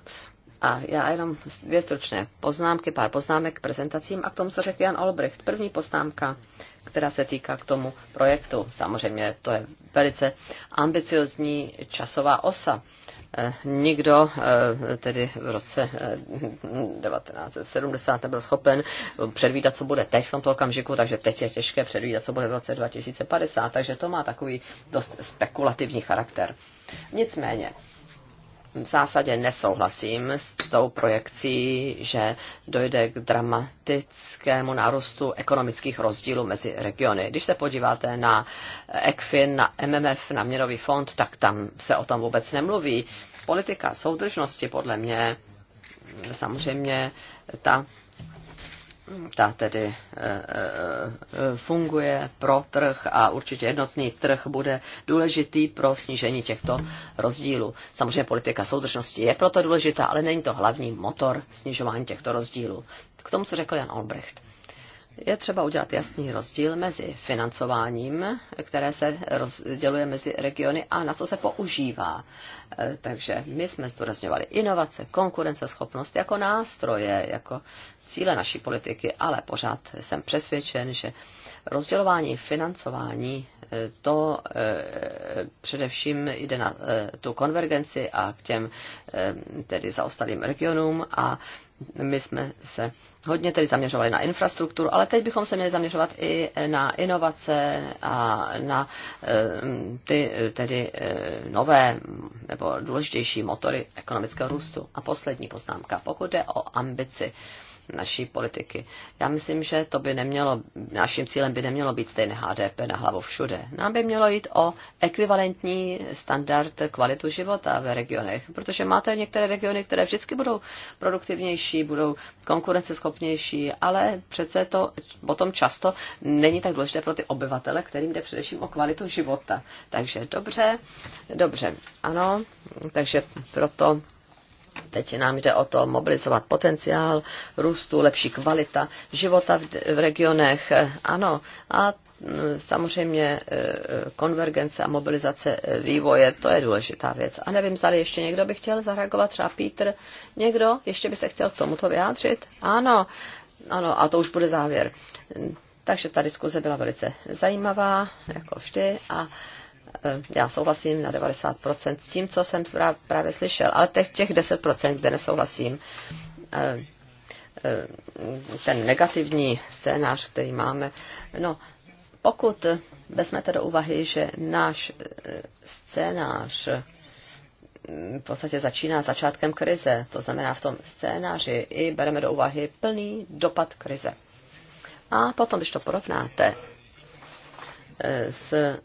A já jenom dvě stručné poznámky, pár poznámek k prezentacím a k tomu, co řekl Jan Olbricht. První poznámka, která se týká k tomu projektu. Samozřejmě to je velice ambiciozní časová osa. Eh, nikdo eh, tedy v roce 1970 eh, nebyl schopen předvídat, co bude teď v tomto okamžiku, takže teď je těžké předvídat, co bude v roce 2050, takže to má takový dost spekulativní charakter. Nicméně, v zásadě nesouhlasím s tou projekcí, že dojde k dramatickému nárůstu ekonomických rozdílů mezi regiony. Když se podíváte na ECFIN, na MMF, na Měnový fond, tak tam se o tom vůbec nemluví. Politika soudržnosti podle mě samozřejmě ta ta tedy eh, eh, funguje pro trh a určitě jednotný trh bude důležitý pro snížení těchto rozdílů. Samozřejmě politika soudržnosti je proto důležitá, ale není to hlavní motor snižování těchto rozdílů. K tomu, co řekl Jan Olbrecht je třeba udělat jasný rozdíl mezi financováním, které se rozděluje mezi regiony a na co se používá. E, takže my jsme zdůrazňovali inovace, konkurenceschopnost jako nástroje, jako cíle naší politiky, ale pořád jsem přesvědčen, že rozdělování financování e, to e, především jde na tu konvergenci a k těm tedy zaostalým regionům a my jsme se hodně tedy zaměřovali na infrastrukturu, ale teď bychom se měli zaměřovat i na inovace a na eh, ty eh, tedy eh, nové nebo důležitější motory ekonomického růstu. A poslední poznámka, pokud jde o ambici naší politiky. Já myslím, že to by nemělo, naším cílem by nemělo být stejné HDP na hlavu všude. Nám by mělo jít o ekvivalentní standard kvalitu života ve regionech, protože máte některé regiony, které vždycky budou produktivnější, budou konkurenceschopnější, ale přece to potom často není tak důležité pro ty obyvatele, kterým jde především o kvalitu života. Takže dobře, dobře, ano, takže proto Teď nám jde o to mobilizovat potenciál růstu, lepší kvalita života v, v regionech. Ano, a mm, samozřejmě e, konvergence a mobilizace e, vývoje, to je důležitá věc. A nevím, zda ještě někdo by chtěl zareagovat, třeba Pítr, někdo ještě by se chtěl k tomuto vyjádřit? Ano, ano, a to už bude závěr. Takže ta diskuze byla velice zajímavá, jako vždy, a Eh, já souhlasím na 90% s tím, co jsem právě slyšel, ale těch, těch 10%, kde nesouhlasím, eh, eh, ten negativní scénář, který máme, no, pokud vezmete do úvahy, že náš scénář mm, v podstatě začíná začátkem krize, to znamená v tom scénáři i bereme do úvahy plný dopad krize. A potom, když to porovnáte Eh, s, eh,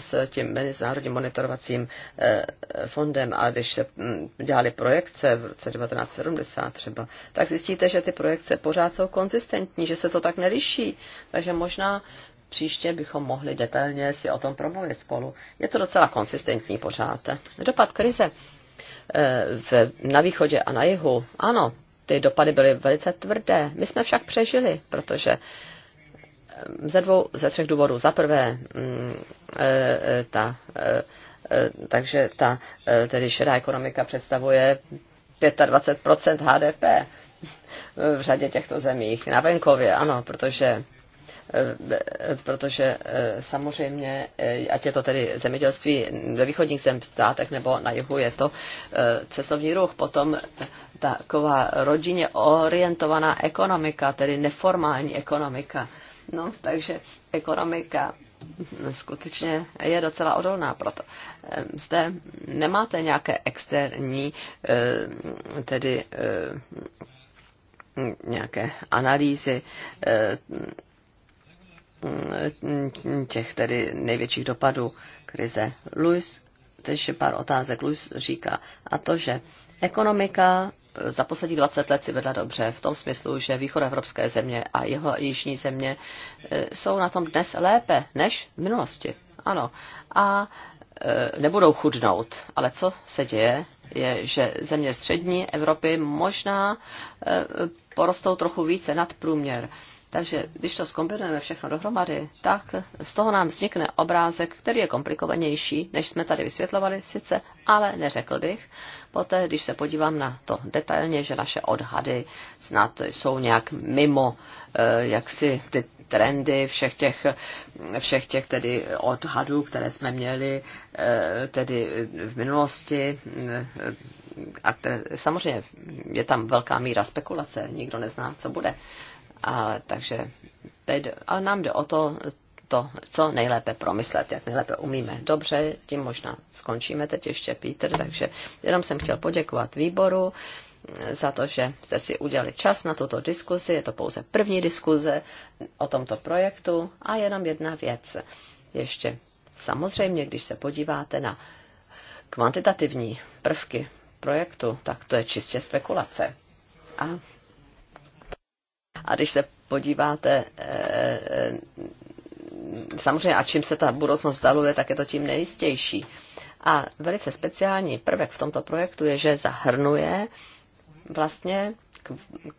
s tím mezinárodním monitorovacím eh, fondem a když se hm, dělali projekce v roce 1970 třeba, tak zjistíte, že ty projekce pořád jsou konzistentní, že se to tak neliší. Takže možná příště bychom mohli detailně si o tom promluvit spolu. Je to docela konsistentní pořád. Dopad krize v, na východě a na jihu, ano, ty dopady byly velice tvrdé. My jsme však přežili, protože eh, ze dvou, ze třech důvodů. Za prvé, mm, e, e, ta, e, takže ta tedy šedá ekonomika představuje 25 HDP v řadě těchto zemích na venkově, ano, protože protože samozřejmě, ať je to tedy zemědělství ve východních zem státech nebo na jihu, je to cestovní ruch. Potom taková rodině orientovaná ekonomika, tedy neformální ekonomika, No, takže ekonomika skutečně je docela odolná proto. Eh, zde nemáte nějaké externí, eh, tedy eh, nějaké analýzy těch tedy největších dopadů krize. Luis, teď je pár otázek, Luis říká, a to, že ekonomika za poslední 20 let si vedla dobře v tom smyslu, že východoevropské země a jeho jižní země eh, jsou na tom dnes lépe než v minulosti. Ano. A eh, nebudou chudnout. Ale co se děje, je, že země střední Evropy možná eh, porostou trochu více nad průměr. Takže když to zkombinujeme všechno dohromady, tak z toho nám vznikne obrázek, který je komplikovanější, než jsme tady vysvětlovali sice, ale neřekl bych. Poté, když se podívám na to detailně, že naše odhady snad jsou nějak mimo eh, jaksi ty trendy všech těch, všech těch tedy odhadů, které jsme měli eh, tedy v minulosti. Eh, a samozřejmě je tam velká míra spekulace, nikdo nezná, co bude. Ale, takže teď, ale nám jde o to, to, co nejlépe promyslet, jak nejlépe umíme. Dobře, tím možná skončíme teď ještě, Peter, takže jenom jsem chtěl poděkovat výboru eh, za to, že jste si udělali čas na tuto diskuzi. Je to pouze první diskuze o tomto projektu a jenom jedna věc. Ještě samozřejmě, když se podíváte na kvantitativní prvky projektu, tak to je čistě spekulace. A a když se podíváte, eh, eh, samozřejmě a čím se ta budoucnost daluje, tak je to tím nejistější. A velice speciální prvek v tomto projektu je, že zahrnuje vlastně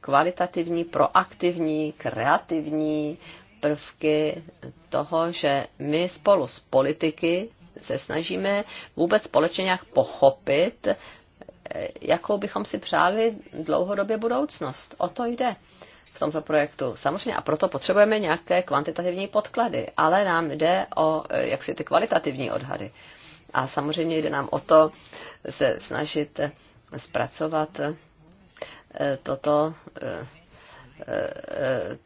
kvalitativní, proaktivní, kreativní prvky toho, že my spolu s politiky se snažíme vůbec společně nějak pochopit, eh, jakou bychom si přáli dlouhodobě budoucnost. O to jde v tomto projektu. Samozřejmě a proto potřebujeme nějaké kvantitativní podklady, ale nám jde o eh, jaksi ty kvalitativní odhady. A samozřejmě jde nám o to se snažit eh, zpracovat eh, toto,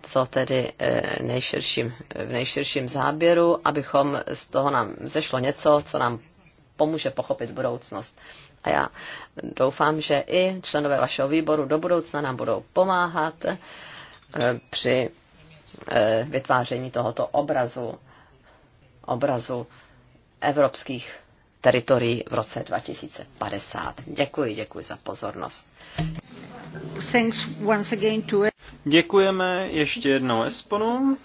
co tedy nejširším, v nejširším záběru, abychom z toho nám zešlo něco, co nám pomůže pochopit budoucnost. A já doufám, že i členové vašeho výboru do budoucna nám budou pomáhat E, při e, vytváření tohoto obrazu, obrazu evropských teritorií v roce 2050. Děkuji, děkuji za pozornost. Děkujeme ještě jednou Esponu.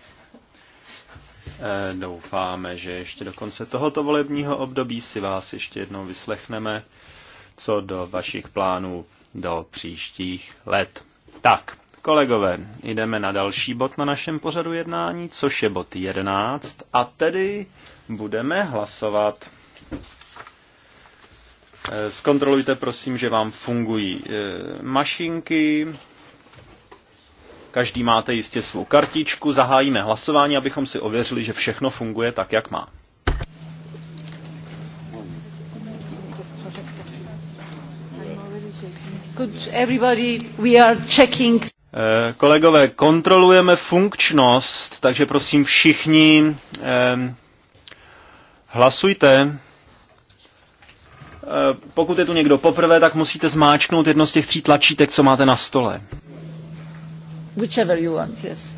E, doufáme, že ještě do konce tohoto volebního období si vás ještě jednou vyslechneme co do vašich plánů do příštích let. Tak, Kolegové, jdeme na další bod na našem pořadu jednání, což je bod 11, a tedy budeme hlasovat. Eh, zkontrolujte, prosím, že vám fungují eh, mašinky. Každý máte jistě svou kartičku, zahájíme hlasování, abychom si ověřili, že všechno funguje tak, jak má. Could everybody, we are checking. Eh, kolegové, kontrolujeme funkčnost, takže prosím všichni eh, hlasujte. Eh, pokud je tu někdo poprvé, tak musíte zmáčknout jedno z těch tří tlačítek, co máte na stole. Whichever you want, yes.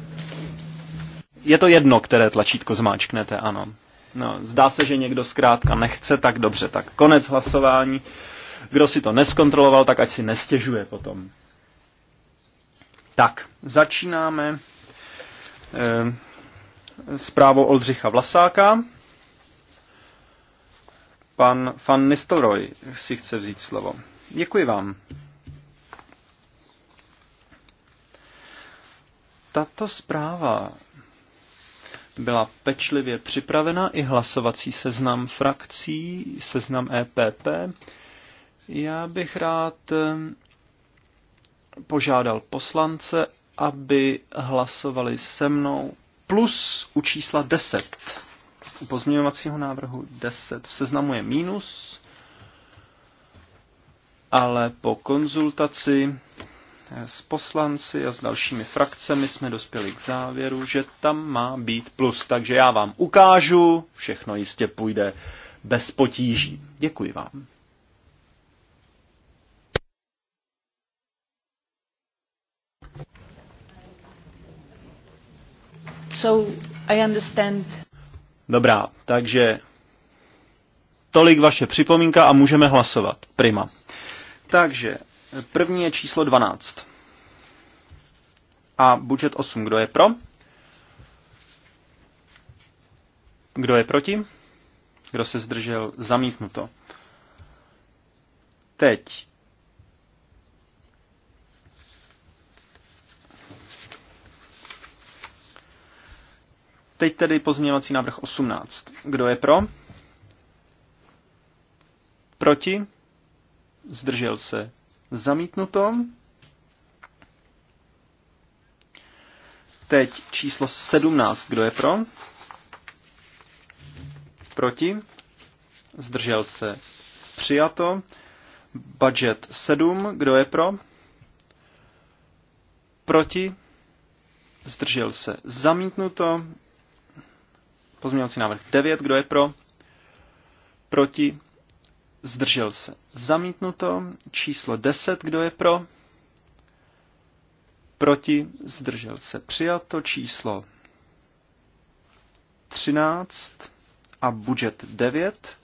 Je to jedno, které tlačítko zmáčknete, ano. No, zdá se, že někdo zkrátka nechce, tak dobře, tak konec hlasování. Kdo si to neskontroloval, tak ať si nestěžuje potom. Tak, začínáme e, zprávou Oldřicha Vlasáka. Pan Van Nistelrooy si chce vzít slovo. Děkuji vám. Tato zpráva byla pečlivě připravena i hlasovací seznam frakcí, seznam EPP. Já bych rád eh, požádal poslance, aby hlasovali se mnou plus u čísla 10. U pozměňovacího návrhu 10 v seznamu je mínus, ale po konzultaci s poslanci a s dalšími frakcemi jsme dospěli k závěru, že tam má být plus. Takže já vám ukážu, všechno jistě půjde bez potíží. Děkuji vám. So I understand. Dobrá, takže tolik vaše připomínka a můžeme hlasovat. Prima. Takže první je číslo 12. A budget 8. Kdo je pro? Kdo je proti? Kdo se zdržel? Zamítnuto. Teď Teď tedy pozměňovací návrh 18. Kdo je pro? Proti? Zdržel se. Zamítnuto. Teď číslo 17. Kdo je pro? Proti? Zdržel se. Přijato. Budget 7. Kdo je pro? Proti? Zdržel se. Zamítnuto. Pozměňovací návrh 9. Kdo je pro? Proti? Zdržel se. Zamítnuto. Číslo 10. Kdo je pro? Proti? Zdržel se. Přijato. Číslo 13 a budget 9.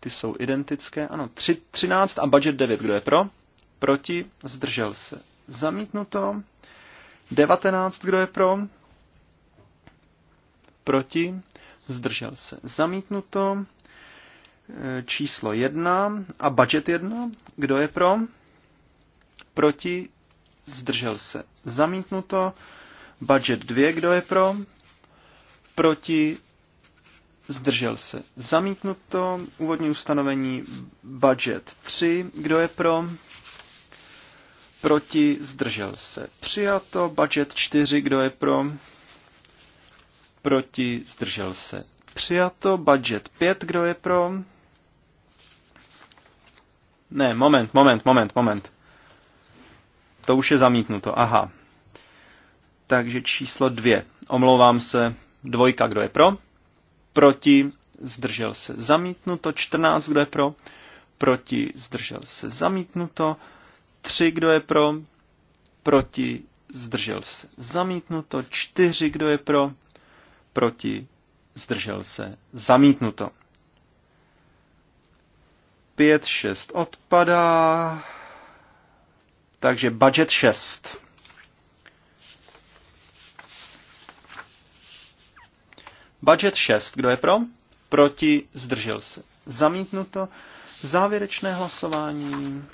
Ty jsou identické. Ano, 3, 13 a budget 9. Kdo je pro? Proti? Zdržel se. Zamítnuto. 19. Kdo je pro? proti, zdržel se zamítnuto, e, číslo 1 a budget 1, kdo je pro, proti, zdržel se zamítnuto, budget 2, kdo je pro, proti, zdržel se zamítnuto, úvodní ustanovení budget 3, kdo je pro, proti, zdržel se přijato, budget 4, kdo je pro, proti, zdržel se. Přijato, budget 5, kdo je pro? Ne, moment, moment, moment, moment. To už je zamítnuto, aha. Takže číslo 2. Omlouvám se, dvojka, kdo je pro? Proti, zdržel se, zamítnuto. 14, kdo je pro? Proti, zdržel se, zamítnuto. 3, kdo je pro? Proti, zdržel se, zamítnuto. 4, kdo je pro? proti, zdržel se, zamítnuto. 5, 6 odpadá, takže budget 6. Budget 6, kdo je pro? Proti, zdržel se. Zamítnuto. Závěrečné hlasování.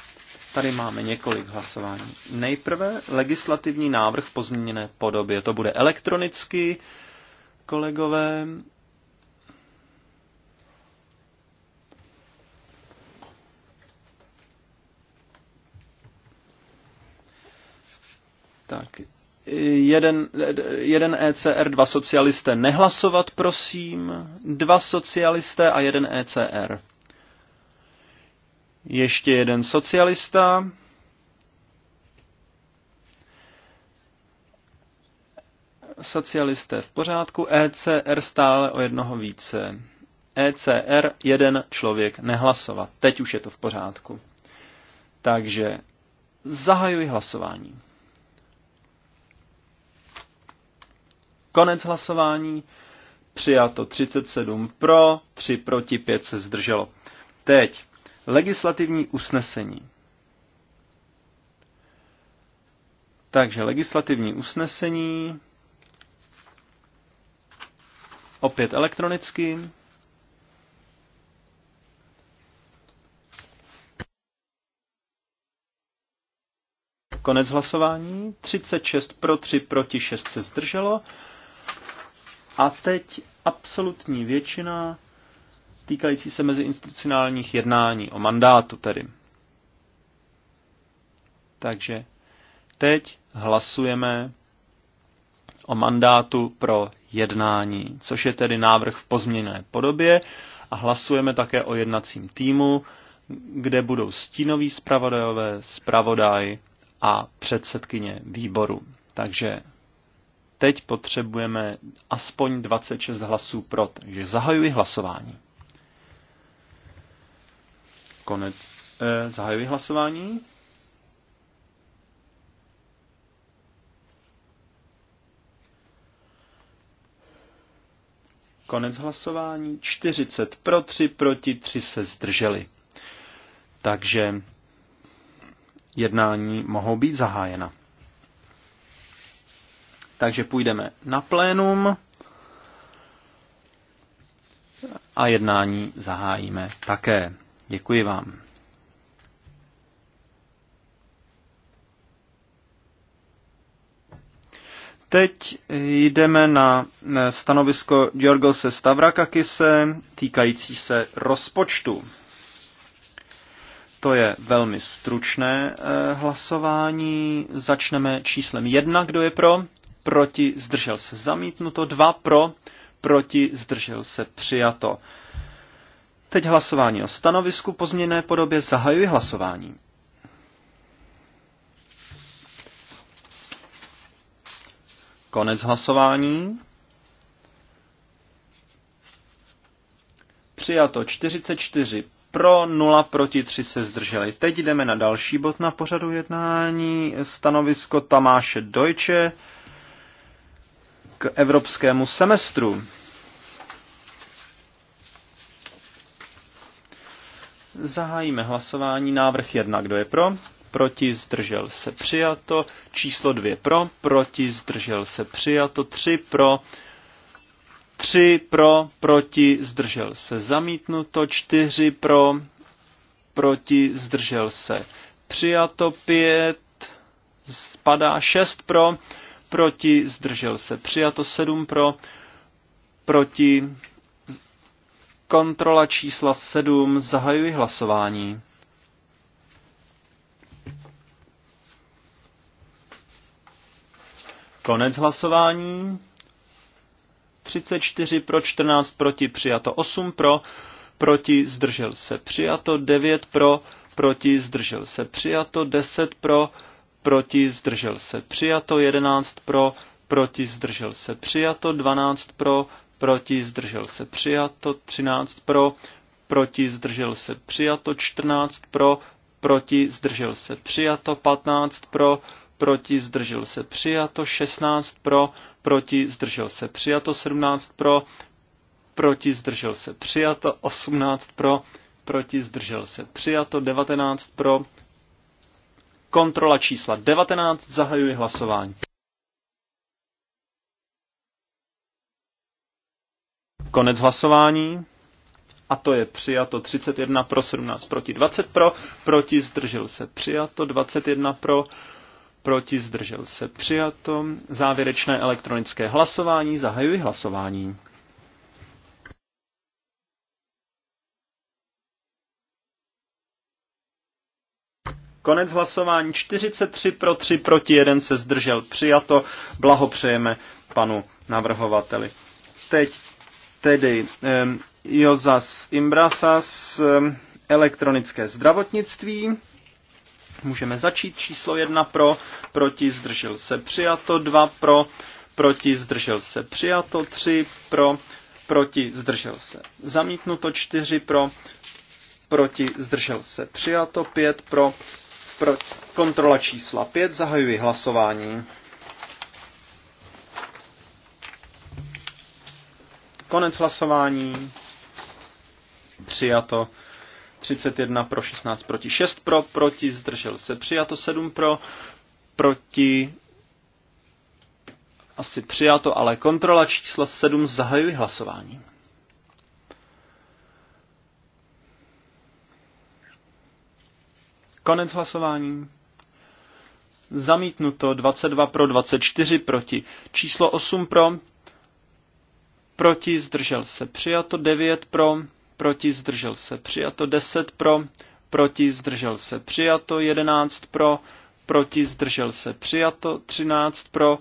Tady máme několik hlasování. Nejprve legislativní návrh v pozměněné podobě. To bude elektronicky kolegové. Tak, jeden, jeden ECR, dva socialisté. Nehlasovat, prosím. Dva socialisté a jeden ECR. Ještě jeden socialista. socialisté v pořádku, ECR stále o jednoho více. ECR jeden člověk nehlasovat. Teď už je to v pořádku. Takže zahajuji hlasování. Konec hlasování. Přijato 37 pro, 3 proti, 5 se zdrželo. Teď legislativní usnesení. Takže legislativní usnesení Opět elektronicky. Konec hlasování. 36 pro 3 proti 6 se zdrželo. A teď absolutní většina týkající se meziinstitucionálních jednání o mandátu tedy. Takže teď hlasujeme o mandátu pro jednání, což je tedy návrh v pozměněné podobě a hlasujeme také o jednacím týmu, kde budou stínoví zpravodajové, zpravodaj a předsedkyně výboru. Takže teď potřebujeme aspoň 26 hlasů pro, takže zahajuji hlasování. Konec. Eh, zahajuji hlasování. Konec hlasování. 40 pro, 3 proti, 3 se zdrželi. Takže jednání mohou být zahájena. Takže půjdeme na plénum a jednání zahájíme také. Děkuji vám. Teď jdeme na stanovisko Georgose Stavrakakise týkající se rozpočtu. To je velmi stručné eh, hlasování. Začneme číslem 1, kdo je pro, proti, zdržel se zamítnuto, 2 pro, proti, zdržel se přijato. Teď hlasování o stanovisku po změněné podobě. Zahajuji hlasování. Konec hlasování. Přijato 44 pro, 0 proti, 3 se zdrželi. Teď jdeme na další bod na pořadu jednání. Stanovisko Tamáše Dojče k evropskému semestru. Zahájíme hlasování. Návrh 1. Kdo je pro? proti, zdržel se přijato, číslo dvě pro, proti, zdržel se přijato, tři pro, tři pro, proti, zdržel se zamítnuto, čtyři pro, proti, zdržel se přijato, pět spadá šest pro, proti, zdržel se přijato, sedm pro, proti, kontrola čísla 7, zahajuji hlasování. Konec hlasování. 34 pro, 14 proti, přijato 8 pro, proti, zdržel se přijato 9 pro, proti, zdržel se přijato 10 pro, proti, zdržel se přijato 11 pro, proti, zdržel se přijato 12 pro, proti, zdržel se přijato 13 pro, proti, zdržel se přijato 14 pro, proti, zdržel se přijato 15 pro, proti, zdržel se přijato, 16 pro, proti, zdržel se přijato, 17 pro, proti, zdržel se přijato, 18 pro, proti, zdržel se přijato, 19 pro, kontrola čísla 19, zahajuji hlasování. Konec hlasování. A to je přijato 31 pro 17 proti 20 pro, proti zdržel se přijato 21 pro, proti zdržel se přijato. Závěrečné elektronické hlasování, zahajuji hlasování. Konec hlasování 43 pro 3 proti 1 se zdržel přijato. Blahopřejeme panu navrhovateli. Teď tedy um, Jozas Imbrasas um, elektronické zdravotnictví. Můžeme začít. Číslo 1 pro, proti, zdržel se přijato. 2 pro, proti, zdržel se přijato. 3 pro, proti, zdržel se zamítnuto. 4 pro, proti, zdržel se přijato. 5 pro, proti, kontrola čísla 5. Zahajuji hlasování. Konec hlasování. Přijato. 31 pro, 16 proti, 6 pro, proti, zdržel se přijato, 7 pro, proti, asi přijato, ale kontrola čísla 7 zahajuji hlasování. Konec hlasování. Zamítnuto 22 pro 24 proti. Číslo 8 pro. Proti zdržel se přijato 9 pro proti zdržel se přijato 10 pro, proti zdržel se přijato 11 pro, proti zdržel se přijato 13 pro,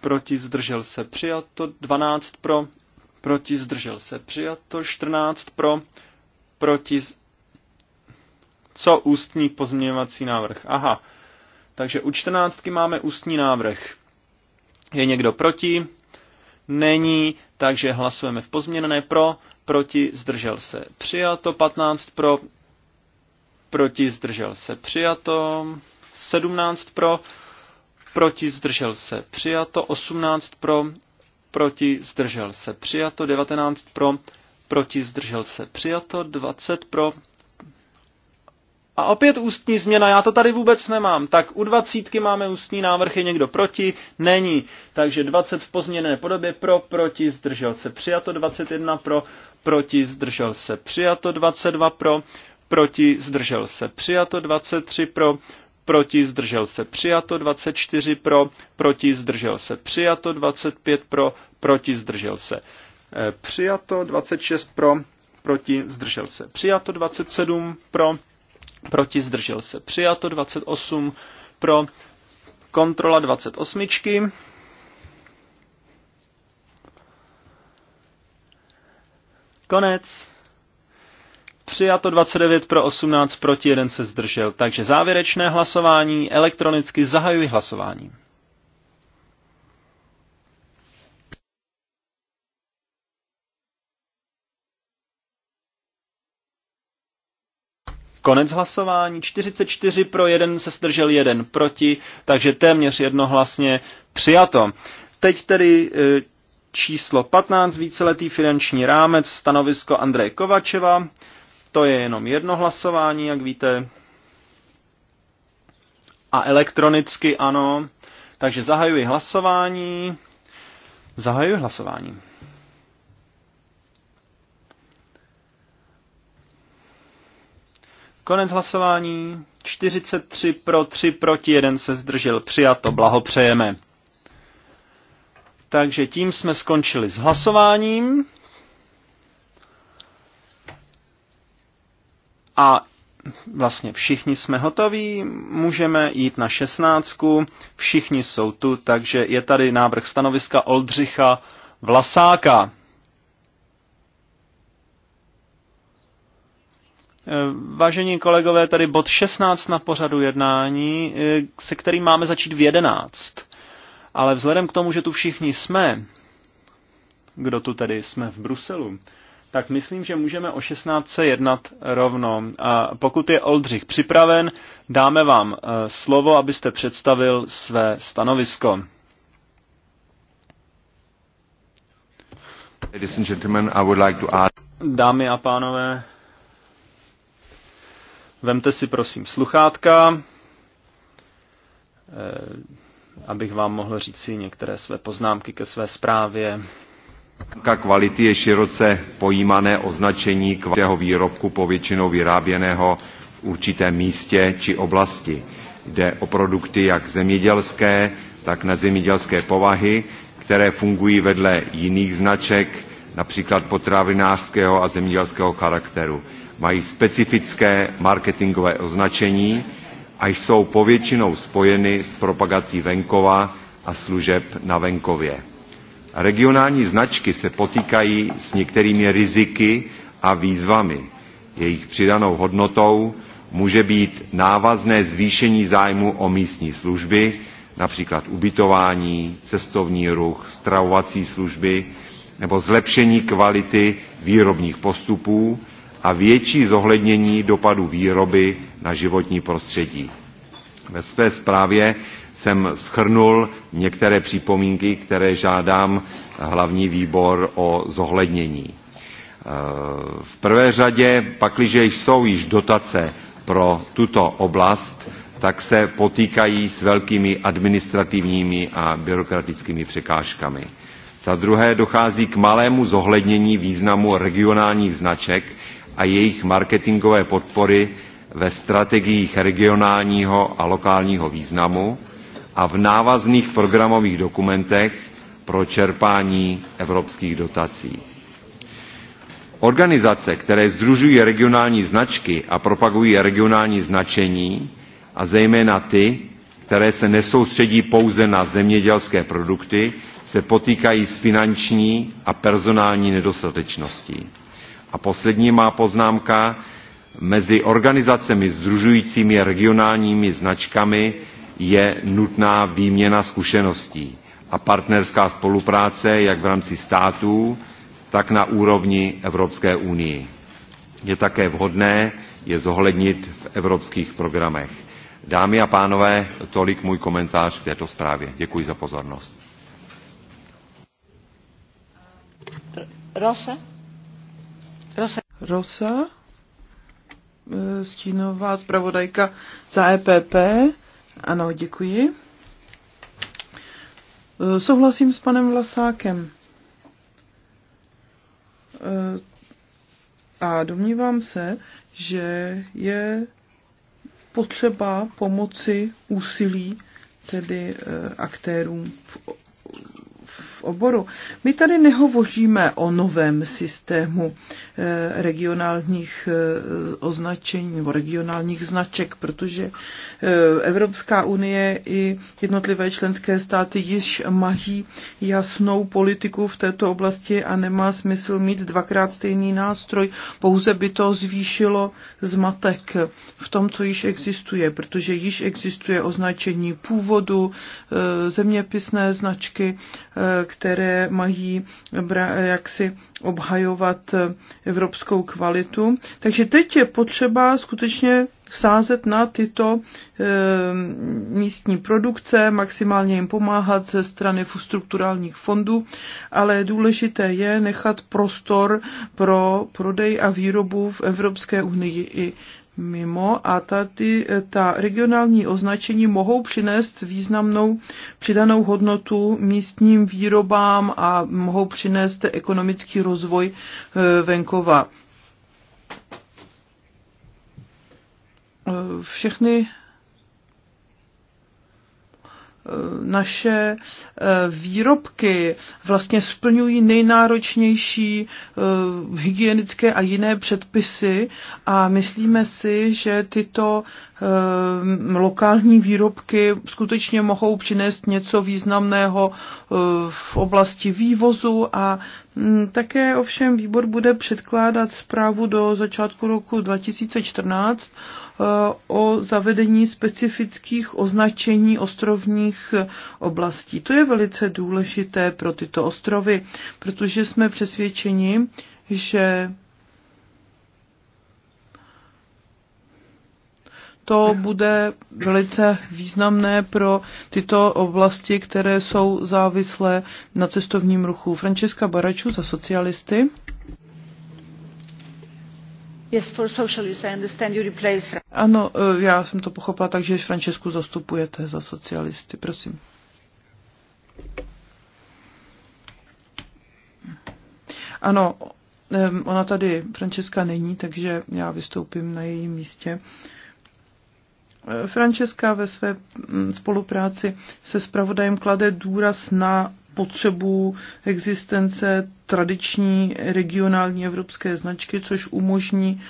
proti zdržel se přijato 12 pro, proti zdržel se přijato 14 pro, proti z... co ústní pozměňovací návrh. Aha, takže u 14 máme ústní návrh. Je někdo proti? Není, takže hlasujeme v pozměněné pro, proti, zdržel se. Přijato 15 pro, proti, zdržel se. Přijato 17 pro, proti, zdržel se. Přijato 18 pro, proti, zdržel se. Přijato 19 pro, proti, zdržel se. Přijato 20 pro, a opět ústní změna, já to tady vůbec nemám. Tak u dvacítky máme ústní návrh, je někdo proti? Není. Takže 20 v pozměněné podobě pro, proti, zdržel se přijato, 21 pro, proti, zdržel se přijato, 22 pro, proti, zdržel se přijato, 23 pro, proti, zdržel se přijato, 24 pro, proti, zdržel se přijato, 25 e, pro, proti, zdržel se přijato, 26 pro, proti, zdržel se přijato, 27 pro, proti, zdržel se přijato, 28 pro, kontrola 28. Konec. Přijato 29 pro 18 proti 1 se zdržel. Takže závěrečné hlasování. Elektronicky zahajuji hlasování. Konec hlasování 44 pro 1 se zdržel 1 proti, takže téměř jednohlasně přijato. Teď tedy e, číslo 15, víceletý finanční rámec, stanovisko Andreje Kovačeva. To je jenom jedno hlasování, jak víte. A elektronicky ano. Takže zahajuji hlasování. Zahajuji hlasování. Konec hlasování. 43 pro, 3 proti, 1 se zdržel. Přijato, blahopřejeme. Takže tím jsme skončili s hlasováním. A vlastně všichni jsme hotoví, můžeme jít na 16. všichni jsou tu, takže je tady návrh stanoviska Oldřicha Vlasáka. Vážení kolegové, tady bod 16 na pořadu jednání, eh, se kterým máme začít v 11. Ale vzhledem k tomu, že tu všichni jsme, kdo tu tedy jsme v Bruselu, tak myslím, že můžeme o 16. jednat rovno. A pokud je Oldřich připraven, dáme vám eh, slovo, abyste představil své stanovisko. Dámy a pánové, Vemte si prosím sluchátka, eh, abych vám mohl říct si některé své poznámky ke své zprávě. Známka kvality je široce pojímané označení kvalitého výrobku povětšinou vyráběného v určitém místě či oblasti. Jde o produkty jak zemědělské, tak nezemědělské povahy, které fungují vedle jiných značek, například potravinářského a zemědělského charakteru mají specifické marketingové označení a jsou povětšinou spojeny s propagací venkova a služeb na venkově. Regionální značky se potýkají s některými riziky a výzvami. Jejich přidanou hodnotou může být návazné zvýšení zájmu o místní služby, například ubytování, cestovní ruch, stravovací služby nebo zlepšení kvality výrobních postupů a větší zohlednění dopadu výroby na životní prostředí. Ve své zprávě jsem schrnul některé připomínky, které žádám hlavní výbor o zohlednění. Eh, v prvé řadě, pakliže jsou již dotace pro tuto oblast, tak se potýkají s velkými administrativními a byrokratickými překážkami. Za druhé dochází k malému zohlednění významu regionálních značek, a jejich marketingové podpory ve strategiích regionálního a lokálního významu a v návazných programových dokumentech pro čerpání evropských dotací. Organizace, které združují regionální značky a propagují regionální značení, a zejména ty, které se nesoustředí pouze na zemědělské produkty, se potýkají s finanční a personální nedostatečností. A poslední má poznámka, mezi organizacemi združujícími regionálními značkami je nutná výměna zkušeností a partnerská spolupráce jak v rámci států, tak na úrovni Evropské unii. Je také vhodné je zohlednit v evropských programech. Dámy a pánové, tolik můj komentář k této zprávě. Děkuji za pozornost. Rosa? Rosa. Rosa, eh, stínová zpravodajka za EPP. Ano, děkuji. Eh, souhlasím s panem Vlasákem. Eh, a domnívám se, že je potřeba pomoci úsilí tedy aktérům v oboru. My tady nehovoříme o novém systému eh, regionálních eh, označení nebo regionálních značek, protože Eh, Evropská unie i jednotlivé členské státy již mají jasnou politiku v této oblasti a nemá smysl mít dvakrát stejný nástroj, pouze by to zvýšilo zmatek v tom, co již existuje, protože již existuje označení původu, eh, zeměpisné značky, eh, které mají jaksi obhajovat evropskou kvalitu. Takže teď je potřeba skutečně sázet na tyto e, místní produkce, maximálně jim pomáhat ze strany strukturálních fondů, ale důležité je nechat prostor pro prodej a výrobu v Evropské unii i mimo a tady eh, ta regionální označení mohou přinést významnou přidanou hodnotu místním výrobám a mohou přinést ekonomický rozvoj eh, venkova. všechny eh, naše eh, výrobky vlastně splňují nejnáročnější eh, hygienické a jiné předpisy a myslíme si, že tyto Ehm, lokální výrobky skutečně mohou přinést něco významného eh, v oblasti vývozu a hm, také ovšem výbor bude předkládat zprávu do začátku roku 2014 eh, o zavedení specifických označení ostrovních eh, oblastí. To je velice důležité pro tyto ostrovy, protože jsme přesvědčeni, že to bude velice významné pro tyto oblasti, které jsou závislé na cestovním ruchu. Francesca Baraču za socialisty. Yes, for socialists, I understand you replace... Ano, eh, já jsem to pochopila, takže Francesku zastupujete za socialisty, prosím. Ano, eh, ona tady, Francesca, není, takže já vystoupím na jejím místě. Uh, Francesca ve své mm, spolupráci se spravodajem klade důraz na potřebu existence tradiční regionální evropské značky, což umožní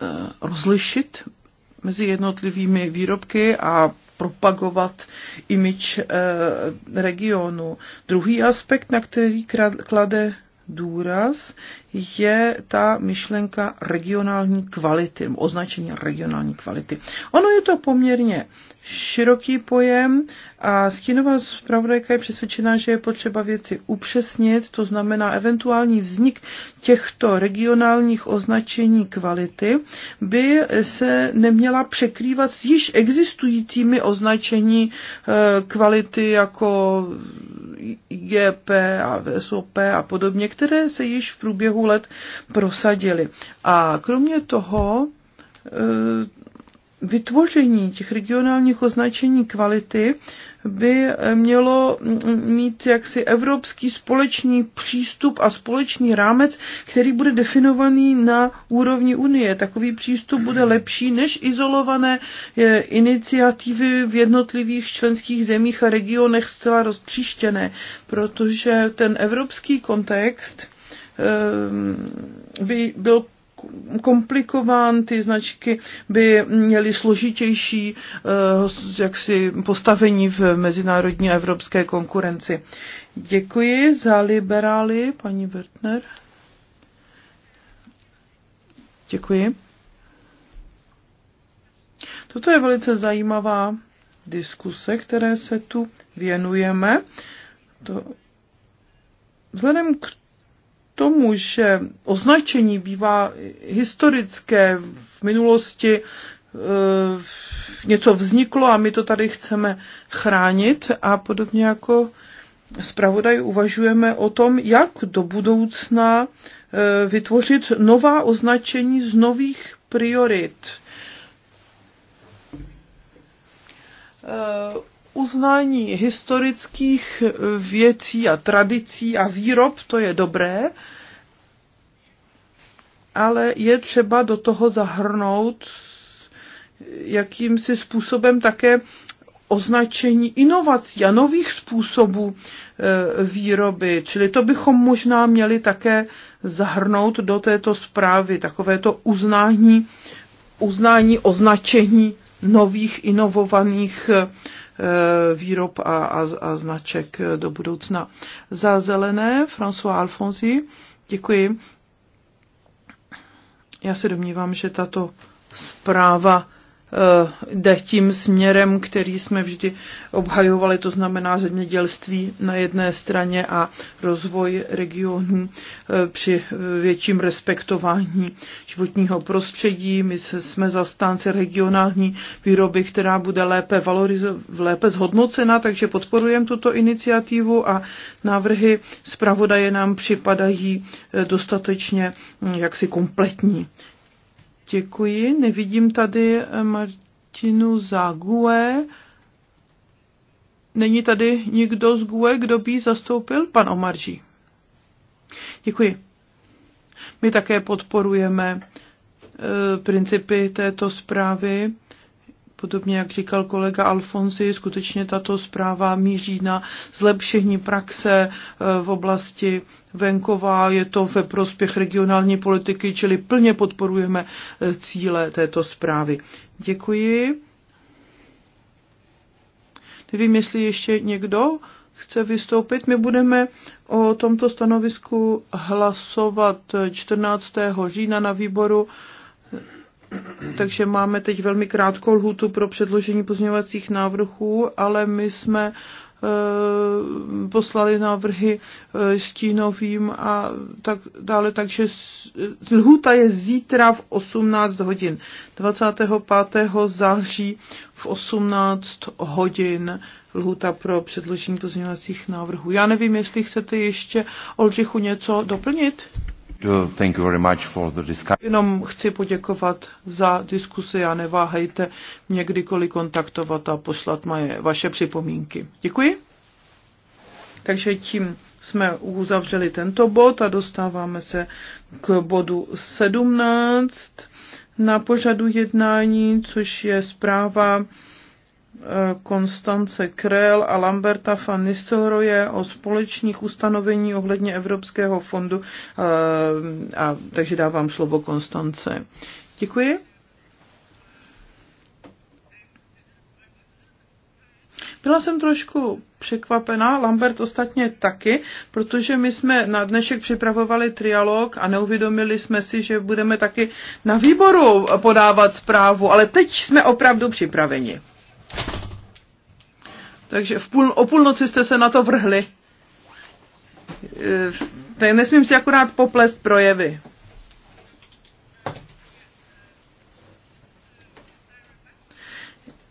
eh, rozlišit mezi jednotlivými výrobky a propagovat imič eh, regionu. Druhý aspekt, na který klade důraz, je ta myšlenka regionální kvality, označení regionální kvality. Ono je to poměrně široký pojem a stínová zpravodajka je přesvědčená, že je potřeba věci upřesnit, to znamená eventuální vznik těchto regionálních označení kvality by se neměla překrývat s již existujícími označení eh, kvality jako GP a VSOP a podobně, které se již v průběhu let prosadili. A kromě toho eh, vytvoření těch regionálních označení kvality by mělo mít jaksi evropský společný přístup a společný rámec, který bude definovaný na úrovni Unie. Takový přístup bude lepší než izolované eh, iniciativy v jednotlivých členských zemích a regionech zcela rozpříštěné, protože ten evropský kontext Ehm, by byl komplikován, ty značky by měly složitější eh, jaksi, postavení v mezinárodní a evropské konkurenci. Děkuji za liberály, paní Wertner. Děkuji. Toto je velice zajímavá diskuse, které se tu věnujeme. To, vzhledem k tomu, že označení bývá historické v minulosti, e, něco vzniklo a my to tady chceme chránit a podobně jako zpravodaj uvažujeme o tom, jak do budoucna e, vytvořit nová označení z nových priorit e, uznání historických eh, věcí a tradicí a výrob, to je dobré, ale je třeba do toho zahrnout jakýmsi způsobem také označení inovací a nových způsobů eh, výroby. Čili to bychom možná měli také zahrnout do této zprávy, takovéto uznání, uznání označení nových inovovaných eh, Eh, výrob a, a, a značek do budoucna. Za zelené François Alfonsi, děkuji. Já se domnívám, že tato zpráva Eh, jde tím směrem, který jsme vždy obhajovali, to znamená zemědělství na jedné straně a rozvoj regionů eh, při větším respektování životního prostředí. My jsme zastánci regionální výroby, která bude lépe, lépe zhodnocena, takže podporujeme tuto iniciativu a návrhy zpravodaje nám připadají eh, dostatečně hm, jaksi kompletní. Děkuji. Nevidím tady eh, Martinu Zague. Není tady nikdo z GUE, kdo by zastoupil? Pan Omarží. Děkuji. My také podporujeme eh, principy této zprávy podobně jak říkal kolega Alfonsi, skutečně tato zpráva míří na zlepšení praxe eh, v oblasti venková, je to ve prospěch regionální politiky, čili plně podporujeme eh, cíle této zprávy. Děkuji. Nevím, jestli ještě někdo chce vystoupit. My budeme o tomto stanovisku hlasovat eh, 14. října na výboru takže máme teď velmi krátkou lhutu pro předložení pozměňovacích návrhů, ale my jsme eh, poslali návrhy stínovým eh, a tak dále, takže eh, lhuta je zítra v 18 hodin, 25. září v 18 hodin lhuta pro předložení pozměňovacích návrhů. Já nevím, jestli chcete ještě Olřichu něco doplnit? Jenom chci poděkovat za diskusi a neváhejte mě kdykoliv kontaktovat a poslat moje, vaše připomínky. Děkuji. Takže tím jsme uzavřeli tento bod a dostáváme se k bodu 17 na pořadu jednání, což je zpráva Eh, Konstance Krell a Lamberta van Nistelrooye o společných ustanovení ohledně Evropského fondu. A, eh, a, takže dávám slovo Konstance. Děkuji. Byla jsem trošku překvapená, Lambert ostatně taky, protože my jsme na dnešek připravovali trialog a neuvědomili jsme si, že budeme taky na výboru podávat zprávu, ale teď jsme opravdu připraveni. Takže v půl, o půlnoci jste se na to vrhli. E, nesmím si akorát poplést projevy.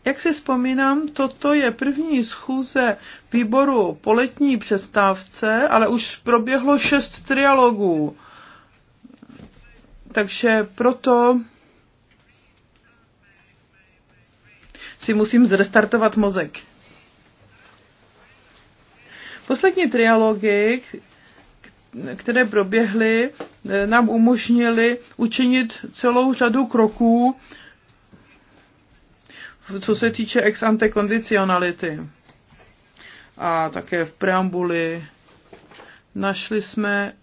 Jak si vzpomínám, toto je první schůze výboru po letní přestávce, ale už proběhlo šest trialogů. Takže proto si musím zrestartovat mozek. Poslední trialogy, které proběhly, eh, nám umožnili učinit celou řadu kroků, co se týče ex ante kondicionality. A také v preambuli našli jsme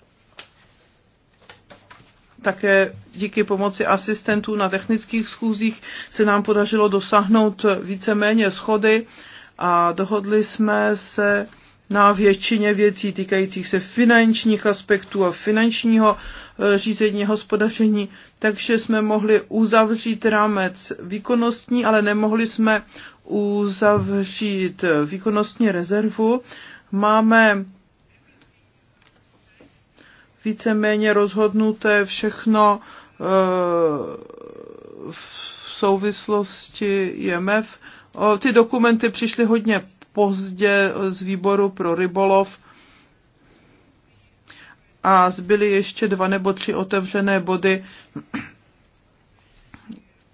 také díky pomoci asistentů na technických schůzích se nám podařilo dosáhnout víceméně schody a dohodli jsme se na většině věcí týkajících se finančních aspektů a finančního e, řízení hospodaření, takže jsme mohli uzavřít rámec výkonnostní, ale nemohli jsme uzavřít výkonnostní rezervu. Máme víceméně rozhodnuté všechno e, v souvislosti IMF. Ty dokumenty přišly hodně pozdě eh, z výboru pro rybolov a zbyly ještě dva nebo tři otevřené body,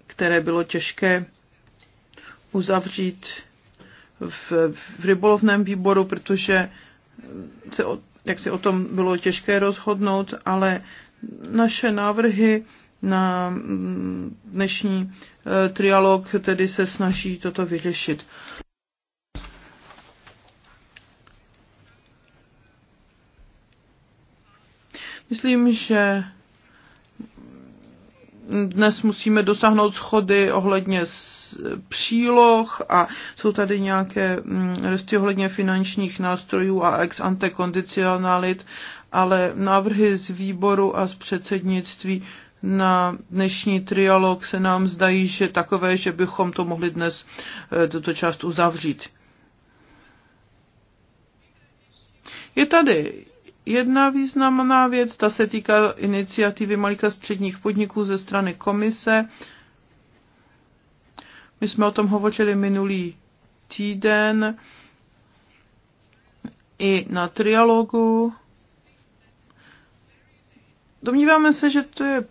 které bylo těžké uzavřít v, v rybolovném výboru, protože se o, jak si o tom bylo těžké rozhodnout, ale naše návrhy na mm, dnešní e, trialog tedy se snaží toto vyřešit. Myslím, že dnes musíme dosáhnout schody ohledně příloh a jsou tady nějaké mm, resty ohledně finančních nástrojů a ex ante kondicionalit, ale návrhy z výboru a z předsednictví na dnešní trialog se nám zdají, že takové, že bychom to mohli dnes eh, tuto část uzavřít. Je tady Jedna významná věc, ta se týká iniciativy malých a středních podniků ze strany komise. My jsme o tom hovořili minulý týden i na trialogu. Domníváme se, že to je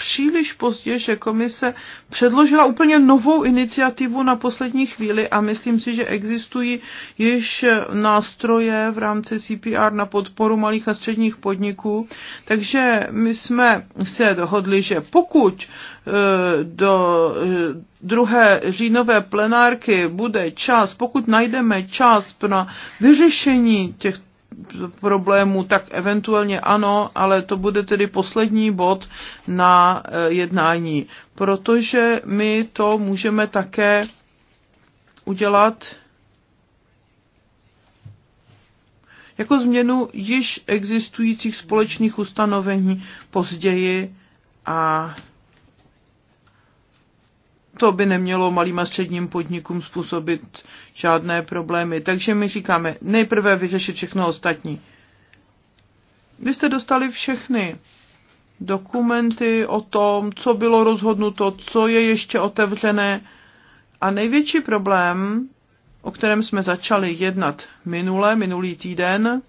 příliš pozdě, že komise předložila úplně novou iniciativu na poslední chvíli a myslím si, že existují již nástroje v rámci CPR na podporu malých a středních podniků. Takže my jsme se dohodli, že pokud e, do e, druhé říjnové plenárky bude čas, pokud najdeme čas na vyřešení těch problémů, tak eventuálně ano, ale to bude tedy poslední bod na eh, jednání, protože my to můžeme také udělat jako změnu již existujících společných ustanovení později a to by nemělo malým a středním podnikům způsobit žádné problémy. Takže my říkáme, nejprve vyřešit všechno ostatní. Vy jste dostali všechny dokumenty o tom, co bylo rozhodnuto, co je ještě otevřené. A největší problém, o kterém jsme začali jednat minule, minulý týden,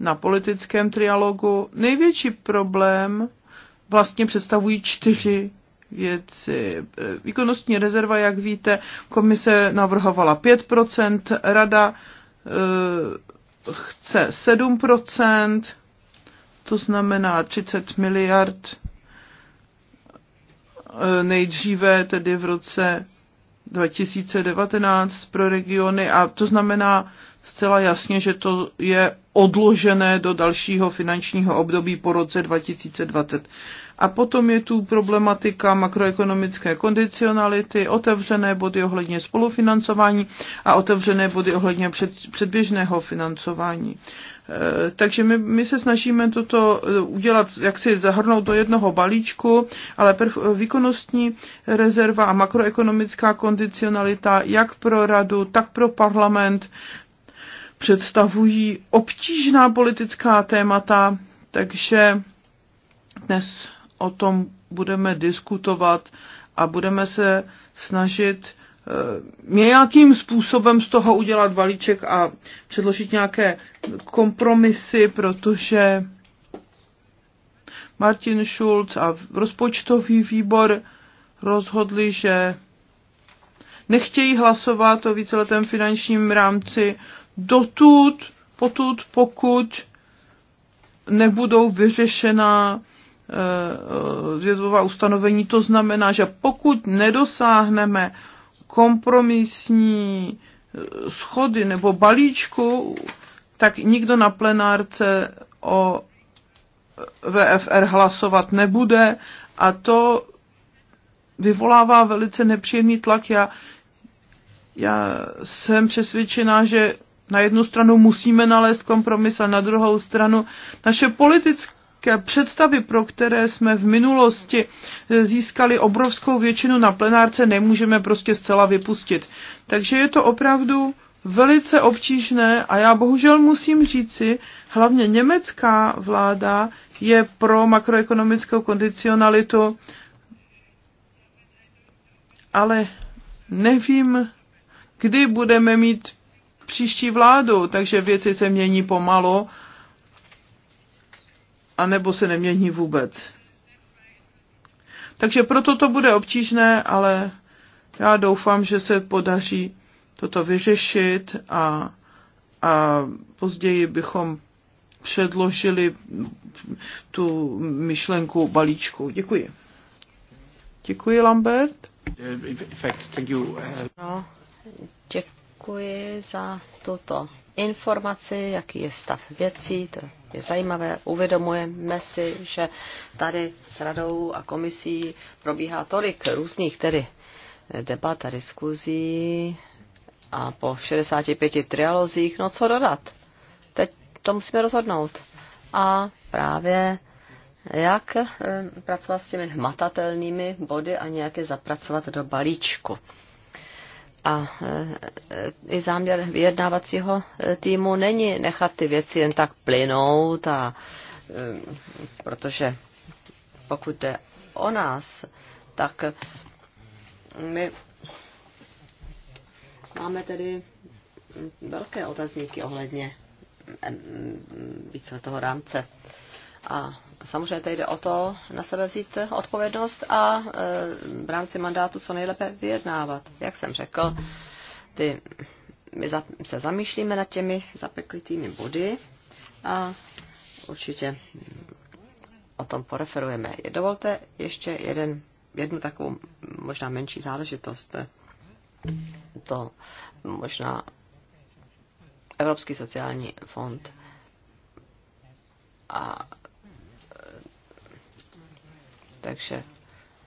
na politickém trialogu, největší problém vlastně představují čtyři věci. Výkonnostní rezerva, jak víte, komise navrhovala 5%, rada eh, chce 7%, to znamená 30 miliard eh, nejdříve tedy v roce 2019 pro regiony a to znamená zcela jasně, že to je odložené do dalšího finančního období po roce 2020. A potom je tu problematika makroekonomické kondicionality, otevřené body ohledně spolufinancování a otevřené body ohledně před, předběžného financování. E, takže my, my se snažíme toto e, udělat, jak si zahrnout do jednoho balíčku, ale prv, e, výkonnostní rezerva a makroekonomická kondicionalita jak pro radu, tak pro parlament představují obtížná politická témata, takže dnes o tom budeme diskutovat a budeme se snažit eh, nějakým způsobem z toho udělat valíček a předložit nějaké kompromisy, protože Martin Schulz a rozpočtový výbor rozhodli, že nechtějí hlasovat o víceletém finančním rámci dotud, potud, pokud nebudou vyřešena Eh, eh, vědová ustanovení. To znamená, že pokud nedosáhneme kompromisní eh, schody nebo balíčku, tak nikdo na plenárce o VFR hlasovat nebude a to vyvolává velice nepříjemný tlak. Já, já jsem přesvědčená, že na jednu stranu musíme nalézt kompromis a na druhou stranu naše politické představy, pro které jsme v minulosti získali obrovskou většinu na plenárce, nemůžeme prostě zcela vypustit. Takže je to opravdu velice obtížné a já bohužel musím říci, hlavně německá vláda je pro makroekonomickou kondicionalitu, ale nevím, kdy budeme mít příští vládu, takže věci se mění pomalu anebo se nemění vůbec. Takže proto to bude obtížné, ale já doufám, že se podaří toto vyřešit a, a později bychom předložili tu myšlenku balíčku. Děkuji. Děkuji, Lambert. Uh, uh, no, děkuji za toto informaci, jaký je stav věcí, to je zajímavé. Uvědomujeme si, že tady s radou a komisí probíhá tolik různých tedy debat a diskuzí a po 65 trialozích, no co dodat? Teď to musíme rozhodnout. A právě jak eh, pracovat s těmi hmatatelnými body a nějaké zapracovat do balíčku. A e, i záměr vyjednávacího e, týmu není nechat ty věci jen tak plynout, a, e, protože pokud jde o nás, tak my máme tedy velké otazníky ohledně více toho rámce. A samozřejmě tady jde o to na sebe vzít odpovědnost a e, v rámci mandátu co nejlépe vyjednávat. Jak jsem řekl, ty, my za, se zamýšlíme nad těmi zapeklitými body a určitě o tom poreferujeme. Dovolte ještě jeden, jednu takovou možná menší záležitost. To možná Evropský sociální fond a takže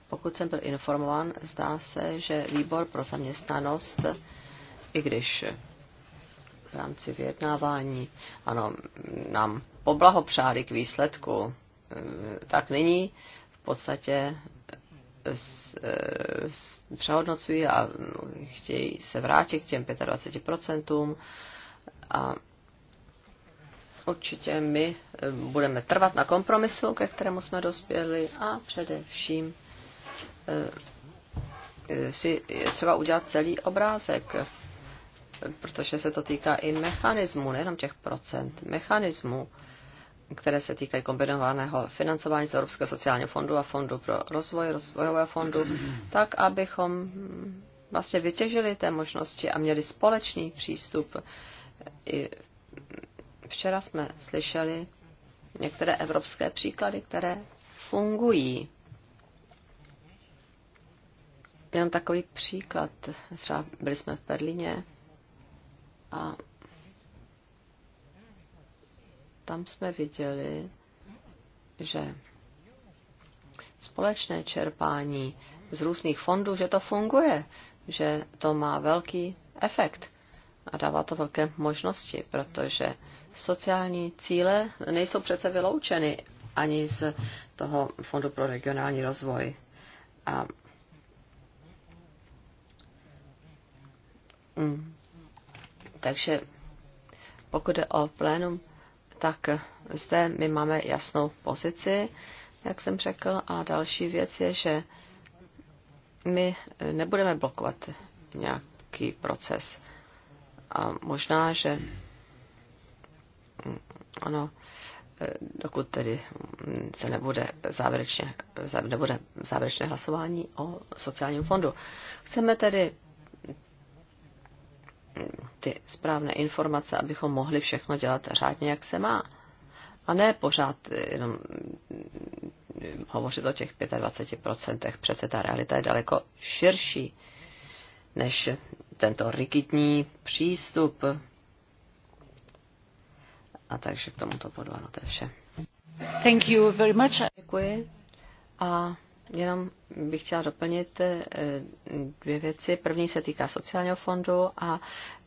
pokud jsem byl informován, zdá se, že výbor pro zaměstnanost, i když v rámci vyjednávání, ano, nám poblahopřáli k výsledku, eh, tak nyní v podstatě eh, eh, přehodnocují a no, chtějí se vrátit k těm 25% a určitě my eh, budeme trvat na kompromisu, ke kterému jsme dospěli a především eh, eh, si je třeba udělat celý obrázek, protože se to týká i mechanismu, nejenom těch procent, mechanismu, které se týkají kombinovaného financování z Evropského sociálního fondu a fondu pro rozvoj, rozvojového fondu, tak abychom hm, vlastně vytěžili té možnosti a měli společný přístup i Včera jsme slyšeli některé evropské příklady, které fungují. Jenom takový příklad. Třeba byli jsme v Berlíně a tam jsme viděli, že společné čerpání z různých fondů, že to funguje, že to má velký efekt a dává to velké možnosti, protože sociální cíle nejsou přece vyloučeny ani z toho Fondu pro regionální rozvoj. A Mm. Takže pokud jde o plénum, tak zde my máme jasnou pozici, jak jsem řekl. A další věc je, že my nebudeme blokovat nějaký proces. A možná, že ano, eh, dokud tedy se nebude závěrečné, nebude závěrečné hlasování o sociálním fondu. Chceme tedy ty správné informace, abychom mohli všechno dělat řádně, jak se má. A ne pořád jenom hovořit o těch 25%. Přece ta realita je daleko širší než tento rigidní přístup a takže k tomuto bodu, ano, to je vše. Thank you very much. Děkuji. A jenom bych chtěla doplnit eh, dvě věci. První se týká sociálního fondu a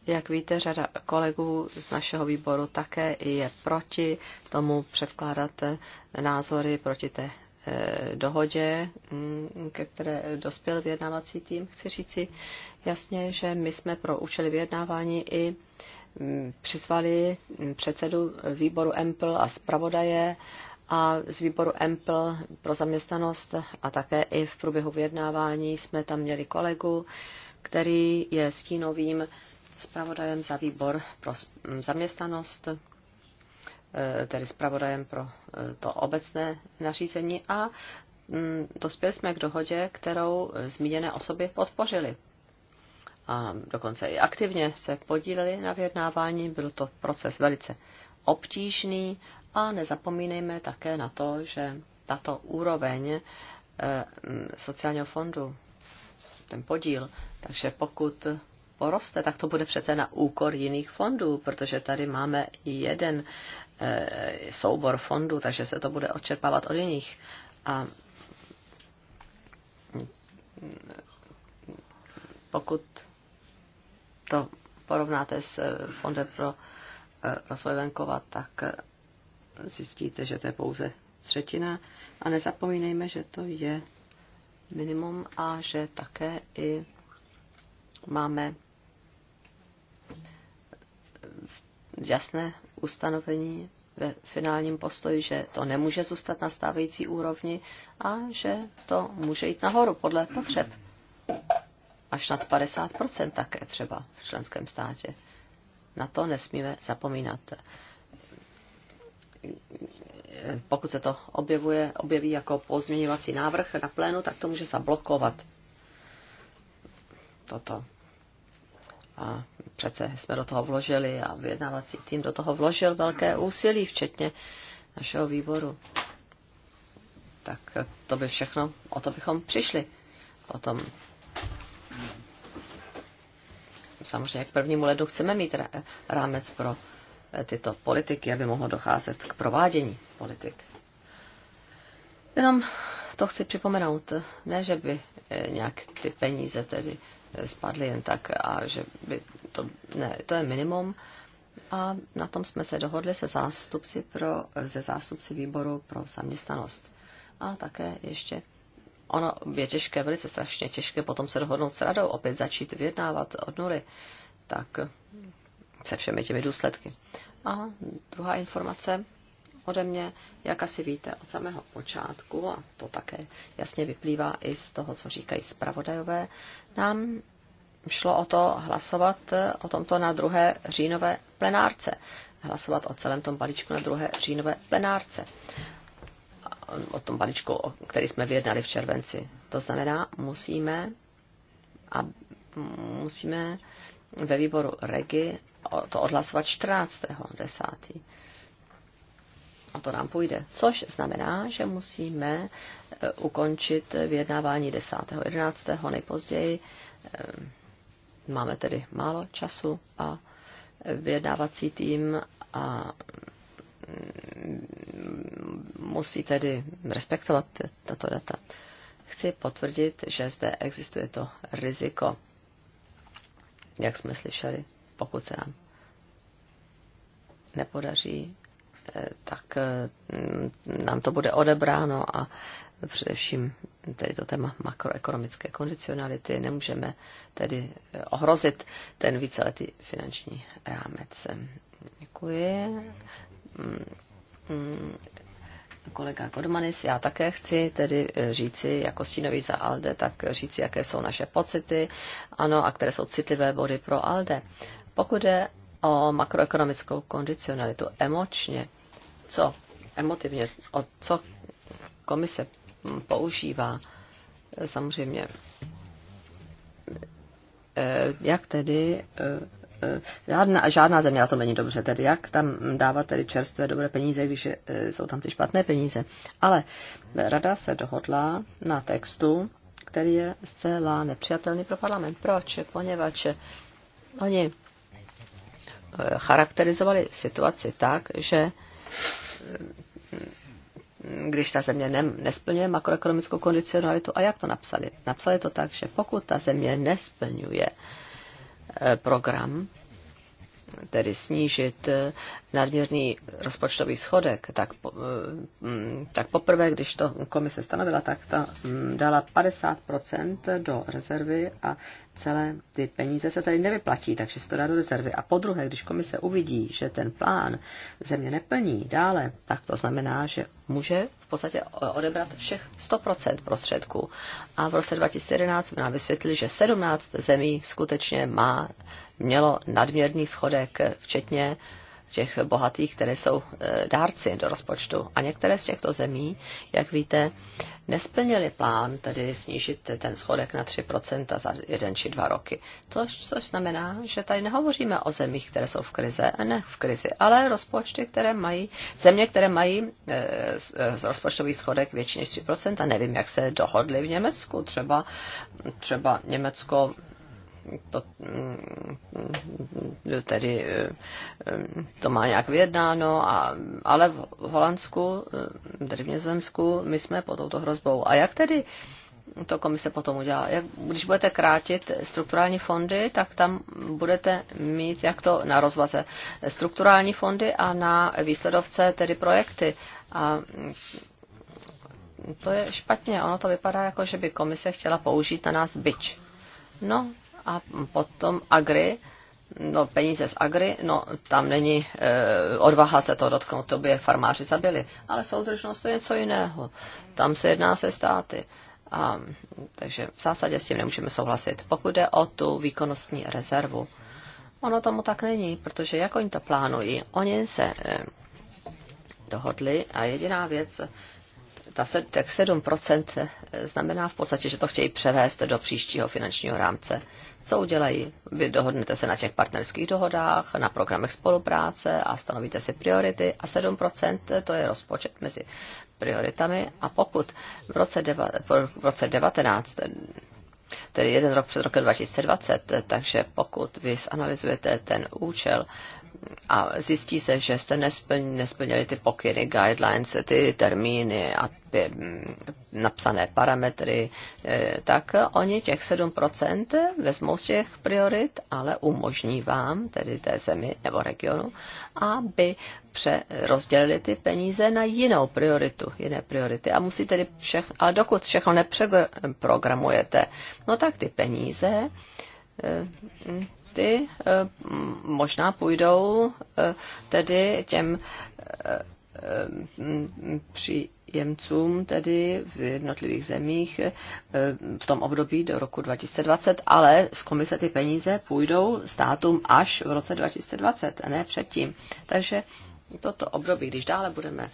jak víte, řada kolegů z našeho výboru také je proti tomu předkládat eh, názory proti té eh, dohodě, mm, ke které dospěl vyjednávací tým. Chci říci jasně, že my jsme pro účely vyjednávání i Mm, přizvali mm, předsedu výboru EMPL a zpravodaje a z výboru EMPL pro zaměstnanost a také i v průběhu vyjednávání jsme tam měli kolegu, který je stínovým zpravodajem za výbor pro mm, zaměstnanost, e, tedy zpravodajem pro e, to obecné nařízení a dospěli jsme k dohodě, kterou e, zmíněné osoby podpořily a dokonce i aktivně se podíleli na vyjednávání. Byl to proces velice obtížný a nezapomínejme také na to, že tato úroveň eh, sociálního fondu, ten podíl, takže pokud poroste, tak to bude přece na úkor jiných fondů, protože tady máme jeden eh, soubor fondů, takže se to bude odčerpávat od jiných. A mm, mm, pokud to porovnáte s eh, Fondem pro eh, rozvoj venkova, tak eh, zjistíte, že to je pouze třetina. A nezapomínejme, že to je minimum a že také i máme jasné ustanovení ve finálním postoji, že to nemůže zůstat na stávající úrovni a že to může jít nahoru podle potřeb až nad 50% také třeba v členském státě. Na to nesmíme zapomínat. Pokud se to objevuje, objeví jako pozměňovací návrh na plénu, tak to může zablokovat toto. A přece jsme do toho vložili a vyjednávací tým do toho vložil velké úsilí, včetně našeho výboru. Tak to by všechno, o to bychom přišli. Potom Samozřejmě k prvnímu ledu chceme mít rámec pro eh, tyto politiky, aby mohlo docházet k provádění politik. Jenom to chci připomenout. Ne, že by eh, nějak ty peníze tedy eh, spadly jen tak a že by to, ne, to je minimum. A na tom jsme se dohodli se zástupci pro, ze zástupci výboru pro zaměstnanost. A také ještě ono je těžké, velice strašně těžké potom se dohodnout s radou, opět začít vyjednávat od nuly, tak se všemi těmi důsledky. A druhá informace ode mě, jak asi víte od samého počátku, a to také jasně vyplývá i z toho, co říkají zpravodajové, nám šlo o to hlasovat o tomto na druhé říjnové plenárce. Hlasovat o celém tom balíčku na druhé říjnové plenárce o tom balíčku, který jsme vyjednali v červenci. To znamená, musíme, a musíme ve výboru REGI to odhlasovat 10. A to nám půjde. Což znamená, že musíme eh, ukončit vyjednávání 10. 11. nejpozději. Eh, máme tedy málo času a eh, vyjednávací tým a musí tedy respektovat tato data. Chci potvrdit, že zde existuje to riziko, jak jsme slyšeli, pokud se nám nepodaří, eh, tak mm, nám to bude odebráno a především tedy to téma makroekonomické kondicionality nemůžeme tedy eh, ohrozit ten víceletý finanční rámec. Děkuji. Mm, mm, kolega Kodmanis, já také chci tedy eh, říci, jako stínový za ALDE, tak říci, jaké jsou naše pocity, ano, a které jsou citlivé body pro ALDE. Pokud je o makroekonomickou kondicionalitu emočně, co emotivně, o co komise používá, eh, samozřejmě, eh, jak tedy žádná, žádná země na tom není dobře, tedy jak tam dávat tedy čerstvé dobré peníze, když je, e, jsou tam ty špatné peníze. Ale rada se dohodla na textu, který je zcela nepřijatelný pro parlament. Proč? Poněvadž oni e, charakterizovali situaci tak, že e, když ta země ne, nesplňuje makroekonomickou kondicionalitu, a jak to napsali? Napsali to tak, že pokud ta země nesplňuje uh, Eh, program tedy snížit eh, nadměrný rozpočtový schodek, tak, eh, mm, tak poprvé, když to komise stanovila, tak ta mm, dala 50% do rezervy a celé ty peníze se tady nevyplatí, takže se to dá do rezervy. A podruhé, když komise uvidí, že ten plán země neplní dále, tak to znamená, že může v podstatě odebrat všech 100% prostředků. A v roce 2011 jsme nám vysvětlili, že 17 zemí skutečně má mělo nadměrný schodek, včetně těch bohatých, které jsou e, dárci do rozpočtu. A některé z těchto zemí, jak víte, nesplnili plán, tedy snížit ten schodek na 3% za jeden či dva roky. To, což znamená, že tady nehovoříme o zemích, které jsou v krize, ne v krizi, ale rozpočty, které mají, země, které mají e, e rozpočtový schodek větší než 3%, a nevím, jak se dohodli v Německu. Třeba, třeba Německo to, mm, mm, tedy eh, eh, to má nějak vyjednáno, a, ale v Holandsku, eh, tedy v Nizozemsku, my jsme pod touto hrozbou. A jak tedy to komise potom udělá? Jak, když budete krátit strukturální fondy, tak tam budete mít, jak to na rozvaze, strukturální fondy a na výsledovce, tedy projekty. A to je špatně. Ono to vypadá jako, že by komise chtěla použít na nás byč. No, a potom Agri, no peníze z Agri, no tam není e, odvaha se to dotknout, to by je farmáři zabili. Ale soudržnost to je něco jiného. Tam se jedná se státy. A, takže v zásadě s tím nemůžeme souhlasit. Pokud jde o tu výkonnostní rezervu, ono tomu tak není, protože jak oni to plánují? Oni se e, dohodli a jediná věc, ta, tak 7% znamená v podstatě, že to chtějí převést do příštího finančního rámce. Co udělají? Vy dohodnete se na těch partnerských dohodách, na programech spolupráce a stanovíte si priority a 7% to je rozpočet mezi prioritami a pokud v roce, deva, v roce 19 tedy jeden rok před rokem 2020, takže pokud vy zanalizujete ten účel a zjistí se, že jste nesplň, nesplněli ty pokyny, guidelines, ty termíny a pě, napsané parametry, e, tak oni těch 7% vezmou z těch priorit, ale umožní vám, tedy té zemi nebo regionu, aby pře- rozdělili ty peníze na jinou prioritu, jiné priority. A musí tedy všech, ale dokud všechno nepřeprogramujete, no tak ty peníze e, státy eh, možná půjdou eh, tedy těm eh, příjemcům tedy v jednotlivých zemích v tom období do roku 2020, ale z komise ty peníze půjdou státům až v roce 2020, ne předtím. Takže toto období, když dále budeme,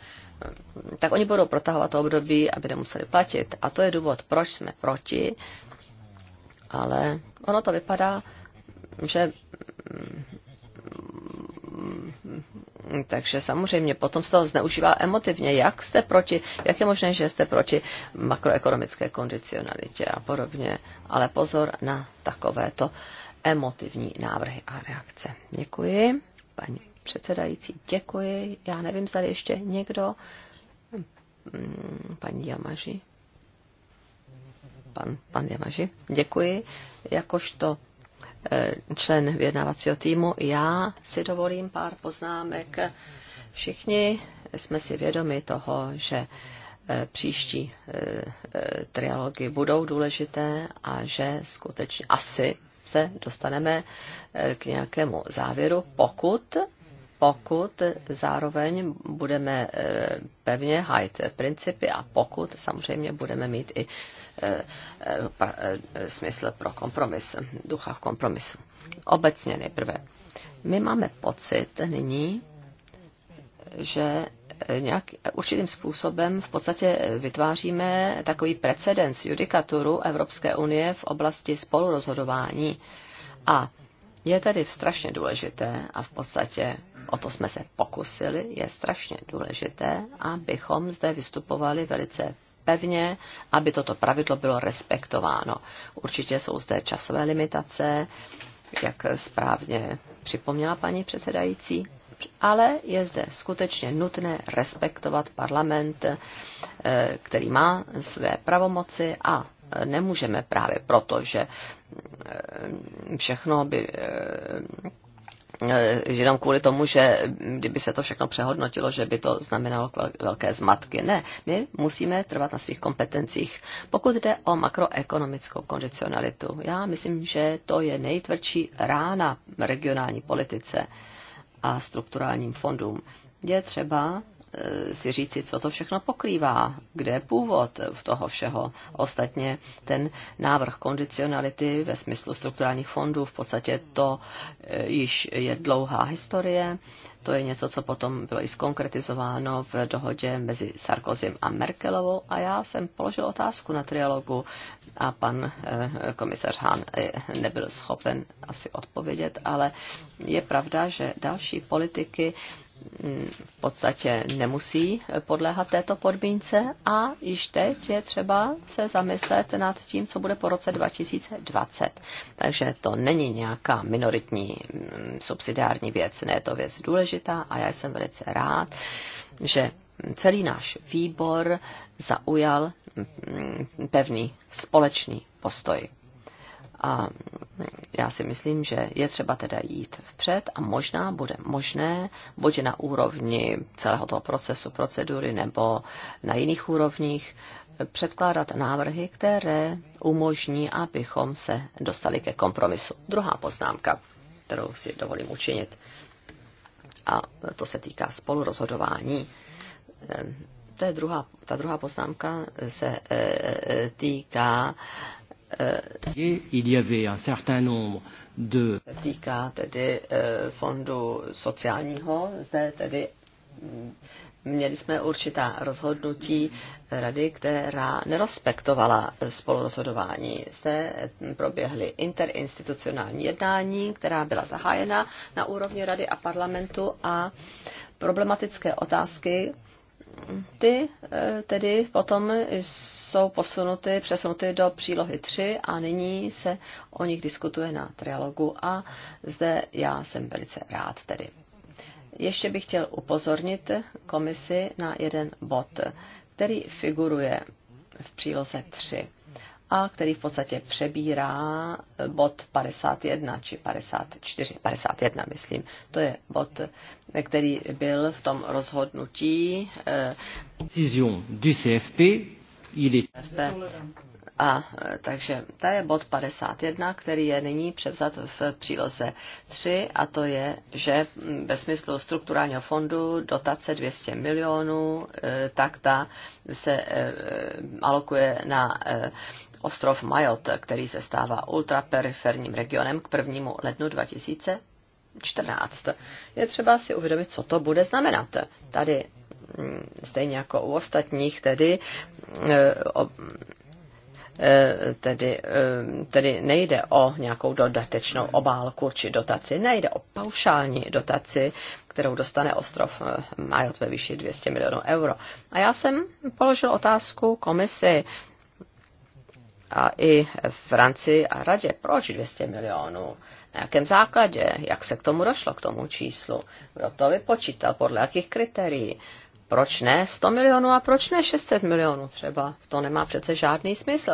tak oni budou protahovat to období, aby nemuseli platit. A to je důvod, proč jsme proti, ale ono to vypadá, že takže samozřejmě potom se toho zneužívá emotivně. Jak jste proti, jak je možné, že jste proti makroekonomické kondicionalitě a podobně. Ale pozor na takovéto emotivní návrhy a reakce. Děkuji, paní předsedající, děkuji. Já nevím, zda ještě někdo, hmm, paní Jamaži, pan, pan Jamaži, děkuji. Jakožto Eh, člen vyjednávacího týmu, já si dovolím pár poznámek. Všichni jsme si vědomi toho, že eh, příští eh, trialogy budou důležité a že skutečně asi se dostaneme k nějakému závěru, pokud pokud zároveň budeme pevně hájit principy a pokud samozřejmě budeme mít i Eh, eh, eh, smysl pro kompromis, ducha kompromisu. Obecně nejprve. My máme pocit nyní, že nějak určitým způsobem v podstatě vytváříme takový precedens judikaturu Evropské unie v oblasti spolurozhodování. A je tedy strašně důležité, a v podstatě o to jsme se pokusili, je strašně důležité, abychom zde vystupovali velice pevně, aby toto pravidlo bylo respektováno. Určitě jsou zde časové limitace, jak správně připomněla paní předsedající, ale je zde skutečně nutné respektovat parlament, eh, který má své pravomoci a eh, nemůžeme právě proto, že eh, všechno by Eh, že jenom kvůli tomu, že kdyby se to všechno přehodnotilo, že by to znamenalo velké zmatky. Ne, my musíme trvat na svých kompetencích. Pokud jde o makroekonomickou kondicionalitu, já myslím, že to je nejtvrdší rána regionální politice a strukturálním fondům. Je třeba Eh, si říci, co to všechno pokrývá, kde je původ v toho všeho. Ostatně ten návrh kondicionality ve smyslu strukturálních fondů, v podstatě to eh, již je dlouhá historie. To je něco, co potom bylo i skonkretizováno v dohodě mezi Sarkozym a Merkelovou a já jsem položil otázku na trialogu a pan eh, komisař Hahn nebyl schopen asi odpovědět, ale je pravda, že další politiky v podstatě nemusí podléhat této podmínce a již teď je třeba se zamyslet nad tím, co bude po roce 2020. Takže to není nějaká minoritní mm, subsidiární věc, ne, je to věc důležitá a já jsem velice rád, že celý náš výbor zaujal mm, mm, pevný společný postoj a já si myslím, že je třeba teda jít vpřed a možná bude možné, buď na úrovni celého toho procesu, procedury nebo na jiných úrovních, předkládat návrhy, které umožní, abychom se dostali ke kompromisu. Druhá poznámka, kterou si dovolím učinit, a to se týká spolurozhodování. Ehm, to je druhá, ta druhá poznámka se eh, eh, týká Eh, il y avait un certain nombre de... Týká tedy eh, fondu sociálního, zde tedy mm, měli jsme určitá rozhodnutí rady, která nerespektovala eh, spolurozhodování. Zde mm, proběhly interinstitucionální jednání, která byla zahájena na úrovni rady a parlamentu a problematické otázky, ty eh, tedy potom jsou posunuty, přesunuty do přílohy 3 a nyní se o nich diskutuje na trialogu a zde já jsem velice rád tedy. Ještě bych chtěl upozornit komisi na jeden bod, který figuruje v příloze 3 a který v podstatě přebírá eh, bod 51 či 54, 51 myslím. To je bod, eh, který byl v tom rozhodnutí. Eh, Decision du CFP, il est... A takže to je bod 51, který je nyní převzat v příloze 3 a to je, že mm, ve smyslu strukturálního fondu dotace 200 milionů, tak ta se alokuje na ostrov Majot, který se stává ultraperiferním regionem k 1. lednu 2014. Je třeba si uvědomit, co to bude znamenat. Tady mm, stejně jako u ostatních, tedy eh, eh, tedy, eh, tedy nejde o nějakou dodatečnou obálku či dotaci, nejde o paušální dotaci, kterou dostane ostrov Majot ve výši 200 milionů euro. A já jsem položil otázku komisi, a i v Francii a radě. Proč 200 milionů? Na jakém základě? Jak se k tomu došlo, k tomu číslu? Kdo to vypočítal? Podle jakých kritérií? Proč ne 100 milionů a proč ne 600 milionů třeba? To nemá přece žádný smysl.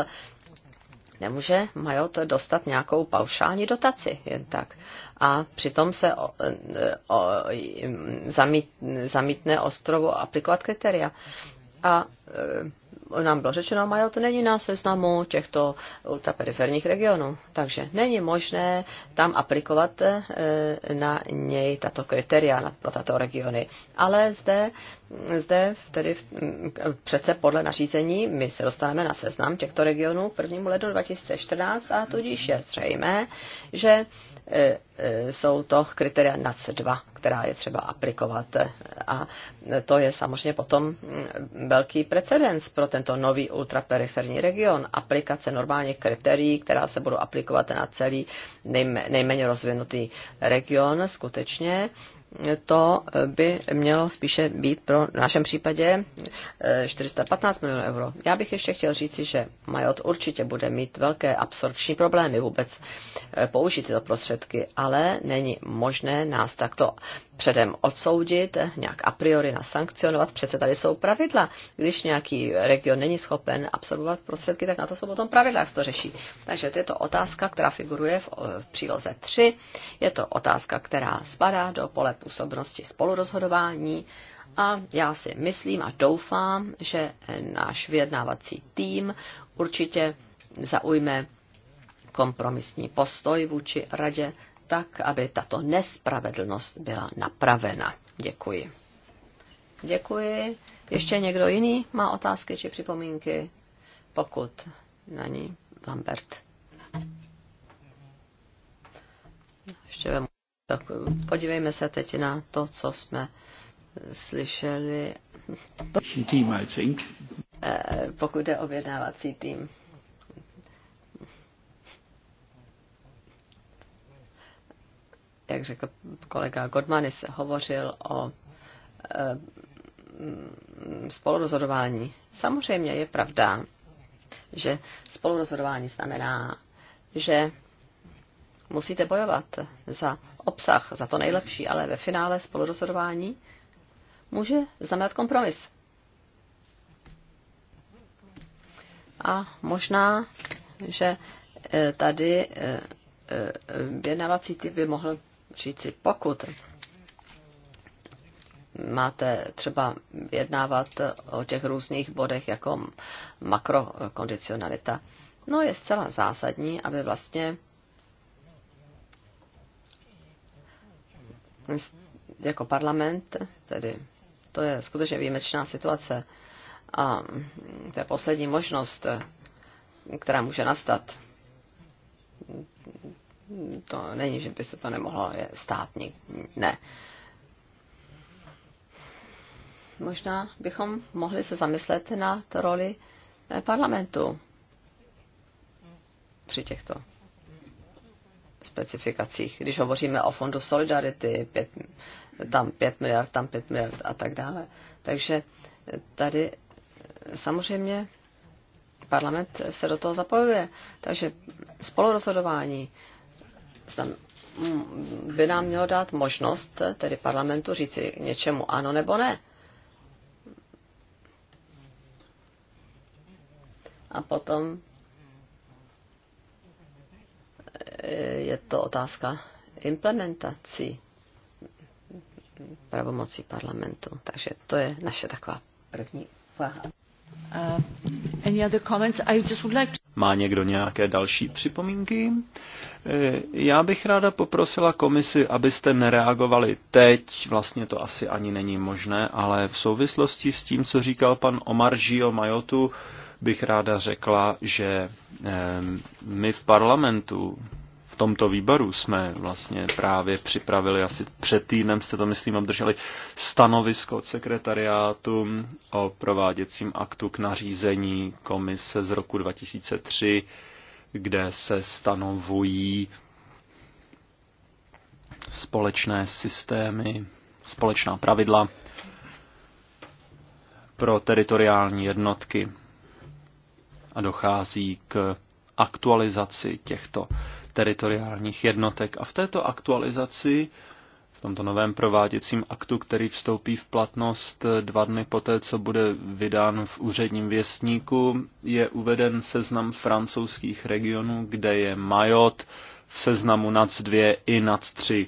Nemůže Majot dostat nějakou paušální dotaci jen tak. A přitom se o, e, o, e, zamít, zamítne ostrovo aplikovat kritéria. A Eh, nám bylo řečeno, Majo, to není na seznamu těchto ultraperiferních regionů, takže není možné tam aplikovat eh, na něj tato kritéria pro tato regiony. Ale zde, zde tedy eh, přece podle nařízení my se dostaneme na seznam těchto regionů k 1. ledu 2014 a tudíž je zřejmé, že jsou to kritéria NAC2, která je třeba aplikovat. A to je samozřejmě potom mm, velký precedens precedens pro tento nový ultraperiferní region, aplikace normálních kritérií, která se budou aplikovat na celý nejméně rozvinutý region, skutečně to by mělo spíše být pro v našem případě 415 eh, milionů euro. Já bych ještě chtěl říci, že Majot určitě bude mít velké absorpční problémy vůbec eh, použít tyto prostředky, ale není možné nás takto předem odsoudit, nějak a priori nasankcionovat. Přece tady jsou pravidla. Když nějaký region není schopen absorbovat prostředky, tak na to jsou potom pravidla, jak se to řeší. Takže to je to otázka, která figuruje v, v příloze 3. Je to otázka, která spadá do pole působnosti spolurozhodování. A já si myslím a doufám, že náš vyjednávací tým určitě zaujme kompromisní postoj vůči radě tak, aby tato nespravedlnost byla napravena. Děkuji. Děkuji. Ještě někdo jiný má otázky či připomínky? Pokud na ní Lambert. Ještě vem, tak podívejme se teď na to, co jsme slyšeli. Eh, pokud jde o vědnávací tým. jak řekl kolega Godmanis, hovořil o e, spolurozhodování. Samozřejmě je pravda, že spolurozhodování znamená, že musíte bojovat za obsah, za to nejlepší, ale ve finále spolurozhodování může znamenat kompromis. A možná, že e, tady e, vyjednávací typ by mohl říci, pokud máte třeba vyjednávat o těch různých bodech jako makrokondicionalita, no je zcela zásadní, aby vlastně jako parlament, tedy to je skutečně výjimečná situace a to je poslední možnost, která může nastat. To není, že by se to nemohlo stát. Ne. Možná bychom mohli se zamyslet na roli eh, parlamentu při těchto specifikacích. Když hovoříme o fondu Solidarity, pět, tam 5 miliard, tam 5 miliard a tak dále. Takže tady eh, samozřejmě parlament se do toho zapojuje. Takže spolurozhodování Mm, by nám mělo dát možnost, eh, tedy parlamentu, říci něčemu ano nebo ne. A potom eh, je to otázka implementací pravomocí parlamentu. Takže to je naše taková první váha. Uh, any other comments? I just would like to... Má někdo nějaké další připomínky? Eh, já bych ráda poprosila komisi, abyste nereagovali teď, vlastně to asi ani není možné, ale v souvislosti s tím, co říkal pan Omar Gio Majotu, bych ráda řekla, že eh, my v parlamentu v tomto výboru jsme vlastně právě připravili, asi před týdnem jste to, myslím, obdrželi stanovisko od sekretariátu o prováděcím aktu k nařízení komise z roku 2003, kde se stanovují společné systémy, společná pravidla pro teritoriální jednotky a dochází k aktualizaci těchto teritoriálních jednotek. A v této aktualizaci, v tomto novém prováděcím aktu, který vstoupí v platnost dva dny poté, co bude vydán v úředním věstníku, je uveden seznam francouzských regionů, kde je Majot v seznamu NAC 2 i NAC 3.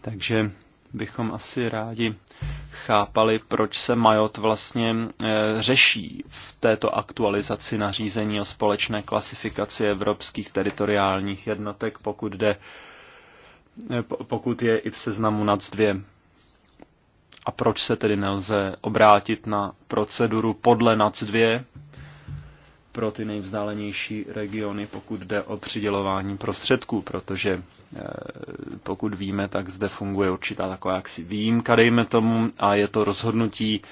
Takže bychom asi rádi chápali, proč se Majot vlastně eh, řeší v této aktualizaci nařízení o společné klasifikaci evropských teritoriálních jednotek, pokud, jde, eh, pokud je i v seznamu NAC 2. A proč se tedy nelze obrátit na proceduru podle NAC 2 pro ty nejvzdálenější regiony, pokud jde o přidělování prostředků, protože pokud víme, tak zde funguje určitá taková jaksi výjimka, dejme tomu, a je to rozhodnutí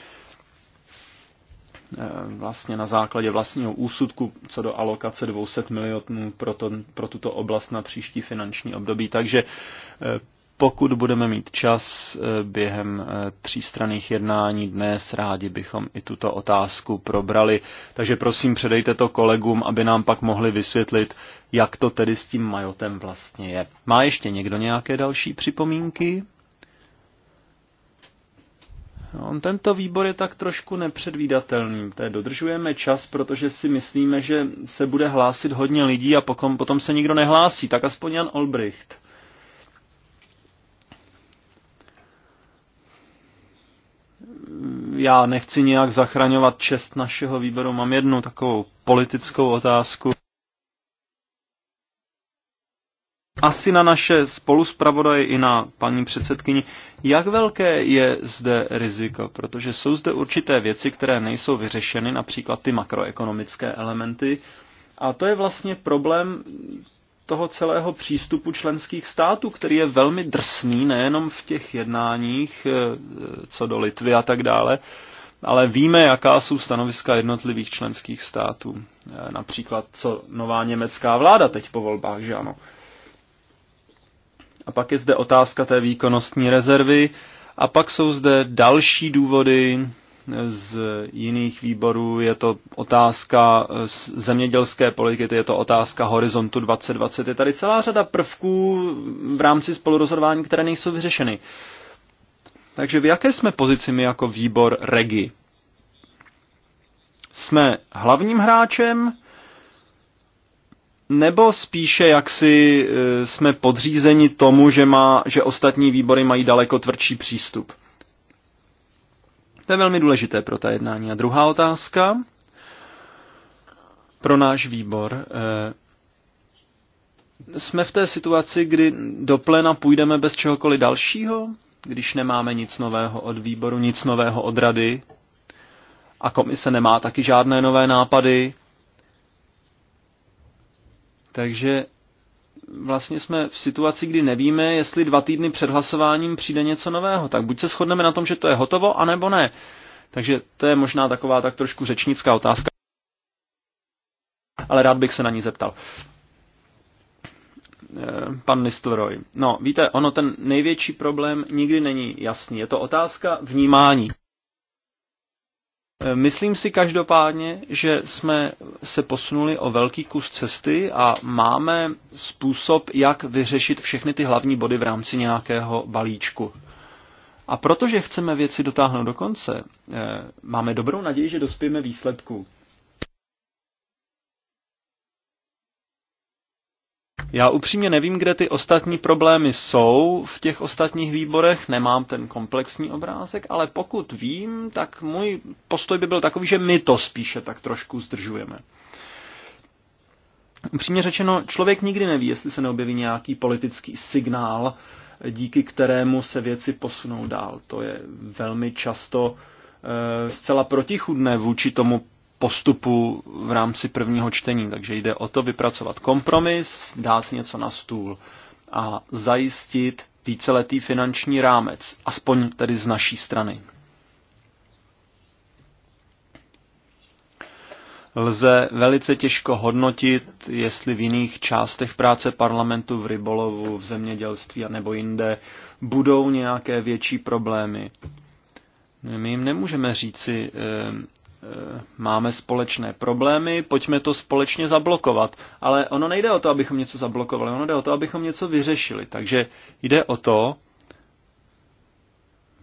eh, vlastně na základě vlastního úsudku co do alokace 200 milionů pro, to, pro tuto oblast na příští finanční období. Takže eh, pokud budeme mít čas eh, během třístraných jednání dnes, rádi bychom i tuto otázku probrali. Takže prosím, předejte to kolegům, aby nám pak mohli vysvětlit, jak to tedy s tím majotem vlastně je. Má ještě někdo nějaké další připomínky? No, on tento výbor je tak trošku nepředvídatelný. Té dodržujeme čas, protože si myslíme, že se bude hlásit hodně lidí a pokom, potom se nikdo nehlásí. Tak aspoň Jan Olbricht. Já nechci nějak zachraňovat čest našeho výboru. Mám jednu takovou politickou otázku. asi na naše spoluspravodaje i na paní předsedkyni, jak velké je zde riziko, protože jsou zde určité věci, které nejsou vyřešeny, například ty makroekonomické elementy. A to je vlastně problém toho celého přístupu členských států, který je velmi drsný, nejenom v těch jednáních eh, co do Litvy a tak dále, ale víme, jaká jsou stanoviska jednotlivých členských států. Eh, například, co nová německá vláda teď po volbách, že ano. A pak je zde otázka té výkonnostní rezervy. A pak jsou zde další důvody z jiných výborů. Je to otázka eh, zemědělské politiky, je to otázka horizontu 2020. Je tady celá řada prvků v rámci spolurozhodování, které nejsou vyřešeny. Takže v jaké jsme pozici my jako výbor REGI? Jsme hlavním hráčem nebo spíše jak si eh, jsme podřízeni tomu, že, má, že ostatní výbory mají daleko tvrdší přístup? To je velmi důležité pro ta jednání. A druhá otázka pro náš výbor. Eh, jsme v té situaci, kdy do plena půjdeme bez čehokoliv dalšího, když nemáme nic nového od výboru, nic nového od rady a komise nemá taky žádné nové nápady, takže vlastně jsme v situaci, kdy nevíme, jestli dva týdny před hlasováním přijde něco nového. Tak buď se shodneme na tom, že to je hotovo, anebo ne. Takže to je možná taková tak trošku řečnická otázka, ale rád bych se na ní zeptal. Eh, pan Nistelrooy. No, víte, ono ten největší problém nikdy není jasný. Je to otázka vnímání. Myslím si každopádně, že jsme se posunuli o velký kus cesty a máme způsob, jak vyřešit všechny ty hlavní body v rámci nějakého balíčku. A protože chceme věci dotáhnout do konce, eh, máme dobrou naději, že dospějeme výsledku, Já upřímně nevím, kde ty ostatní problémy jsou v těch ostatních výborech, nemám ten komplexní obrázek, ale pokud vím, tak můj postoj by byl takový, že my to spíše tak trošku zdržujeme. Upřímně řečeno, člověk nikdy neví, jestli se neobjeví nějaký politický signál, díky kterému se věci posunou dál. To je velmi často e, zcela protichudné vůči tomu postupu v rámci prvního čtení. Takže jde o to vypracovat kompromis, dát něco na stůl a zajistit víceletý finanční rámec, aspoň tedy z naší strany. Lze velice těžko hodnotit, jestli v jiných částech práce parlamentu v rybolovu, v zemědělství a nebo jinde budou nějaké větší problémy. My jim nemůžeme říci, eh, Eh, máme společné problémy, pojďme to společně zablokovat. Ale ono nejde o to, abychom něco zablokovali, ono jde o to, abychom něco vyřešili. Takže jde o to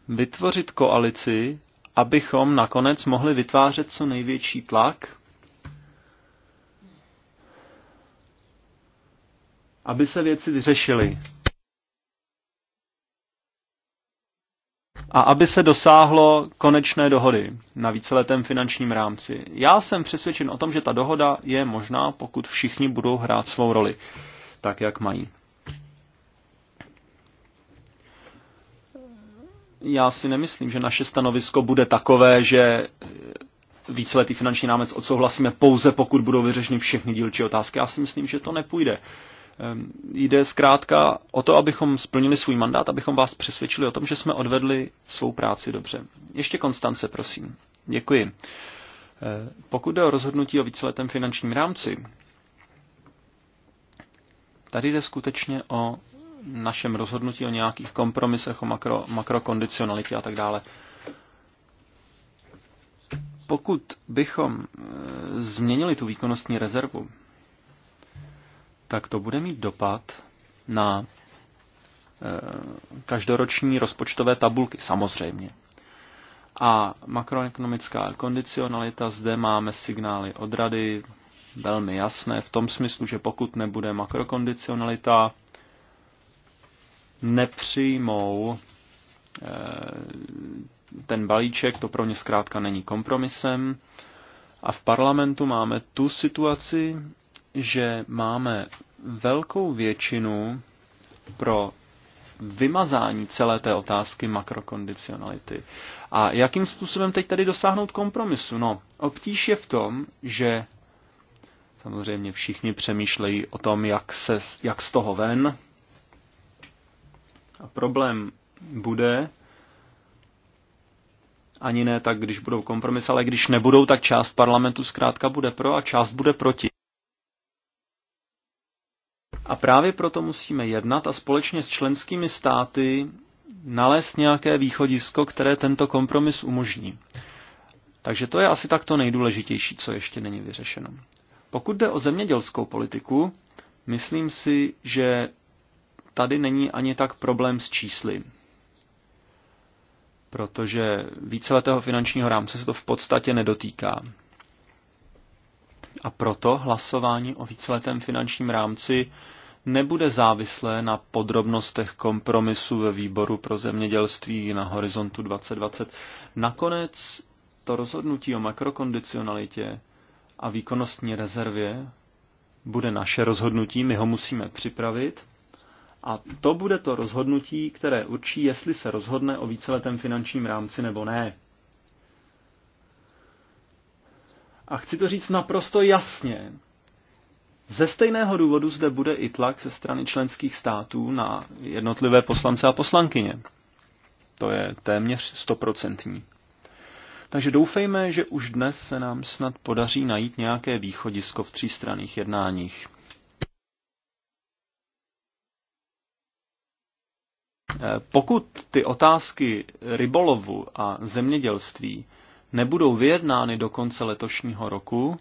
vytvořit koalici, abychom nakonec mohli vytvářet co největší tlak, aby se věci vyřešily. a aby se dosáhlo konečné dohody na víceletém finančním rámci. Já jsem přesvědčen o tom, že ta dohoda je možná, pokud všichni budou hrát svou roli, tak jak mají. Já si nemyslím, že naše stanovisko bude takové, že víceletý finanční rámec odsouhlasíme pouze, pokud budou vyřešeny všechny dílčí otázky. Já si myslím, že to nepůjde. Ehm, jde zkrátka o to, abychom splnili svůj mandát, abychom vás přesvědčili o tom, že jsme odvedli svou práci dobře. Ještě Konstance, prosím. Děkuji. Ehm, pokud jde o rozhodnutí o víceletém finančním rámci, tady jde skutečně o našem rozhodnutí o nějakých kompromisech, o makro, makrokondicionalitě a tak dále. Pokud bychom ehm, změnili tu výkonnostní rezervu, tak to bude mít dopad na eh, každoroční rozpočtové tabulky, samozřejmě. A makroekonomická kondicionalita, zde máme signály od rady velmi jasné v tom smyslu, že pokud nebude makrokondicionalita, nepřijmou eh, ten balíček, to pro ně zkrátka není kompromisem. A v parlamentu máme tu situaci, že máme velkou většinu pro vymazání celé té otázky makrokondicionality. A jakým způsobem teď tady dosáhnout kompromisu? No, obtíž je v tom, že samozřejmě všichni přemýšlejí o tom, jak, se, jak z toho ven. A problém bude, ani ne tak, když budou kompromis, ale když nebudou, tak část parlamentu zkrátka bude pro a část bude proti. A právě proto musíme jednat a společně s členskými státy nalézt nějaké východisko, které tento kompromis umožní. Takže to je asi tak to nejdůležitější, co ještě není vyřešeno. Pokud jde o zemědělskou politiku, myslím si, že tady není ani tak problém s čísly. Protože víceletého finančního rámce se to v podstatě nedotýká. A proto hlasování o víceletém finančním rámci nebude závislé na podrobnostech kompromisu ve výboru pro zemědělství na horizontu 2020. Nakonec to rozhodnutí o makrokondicionalitě a výkonnostní rezervě bude naše rozhodnutí, my ho musíme připravit. A to bude to rozhodnutí, které určí, jestli se rozhodne o víceletém finančním rámci nebo ne. A chci to říct naprosto jasně. Ze stejného důvodu zde bude i tlak ze strany členských států na jednotlivé poslance a poslankyně. To je téměř stoprocentní. Takže doufejme, že už dnes se nám snad podaří najít nějaké východisko v třístranných jednáních. Pokud ty otázky rybolovu a zemědělství nebudou vyjednány do konce letošního roku,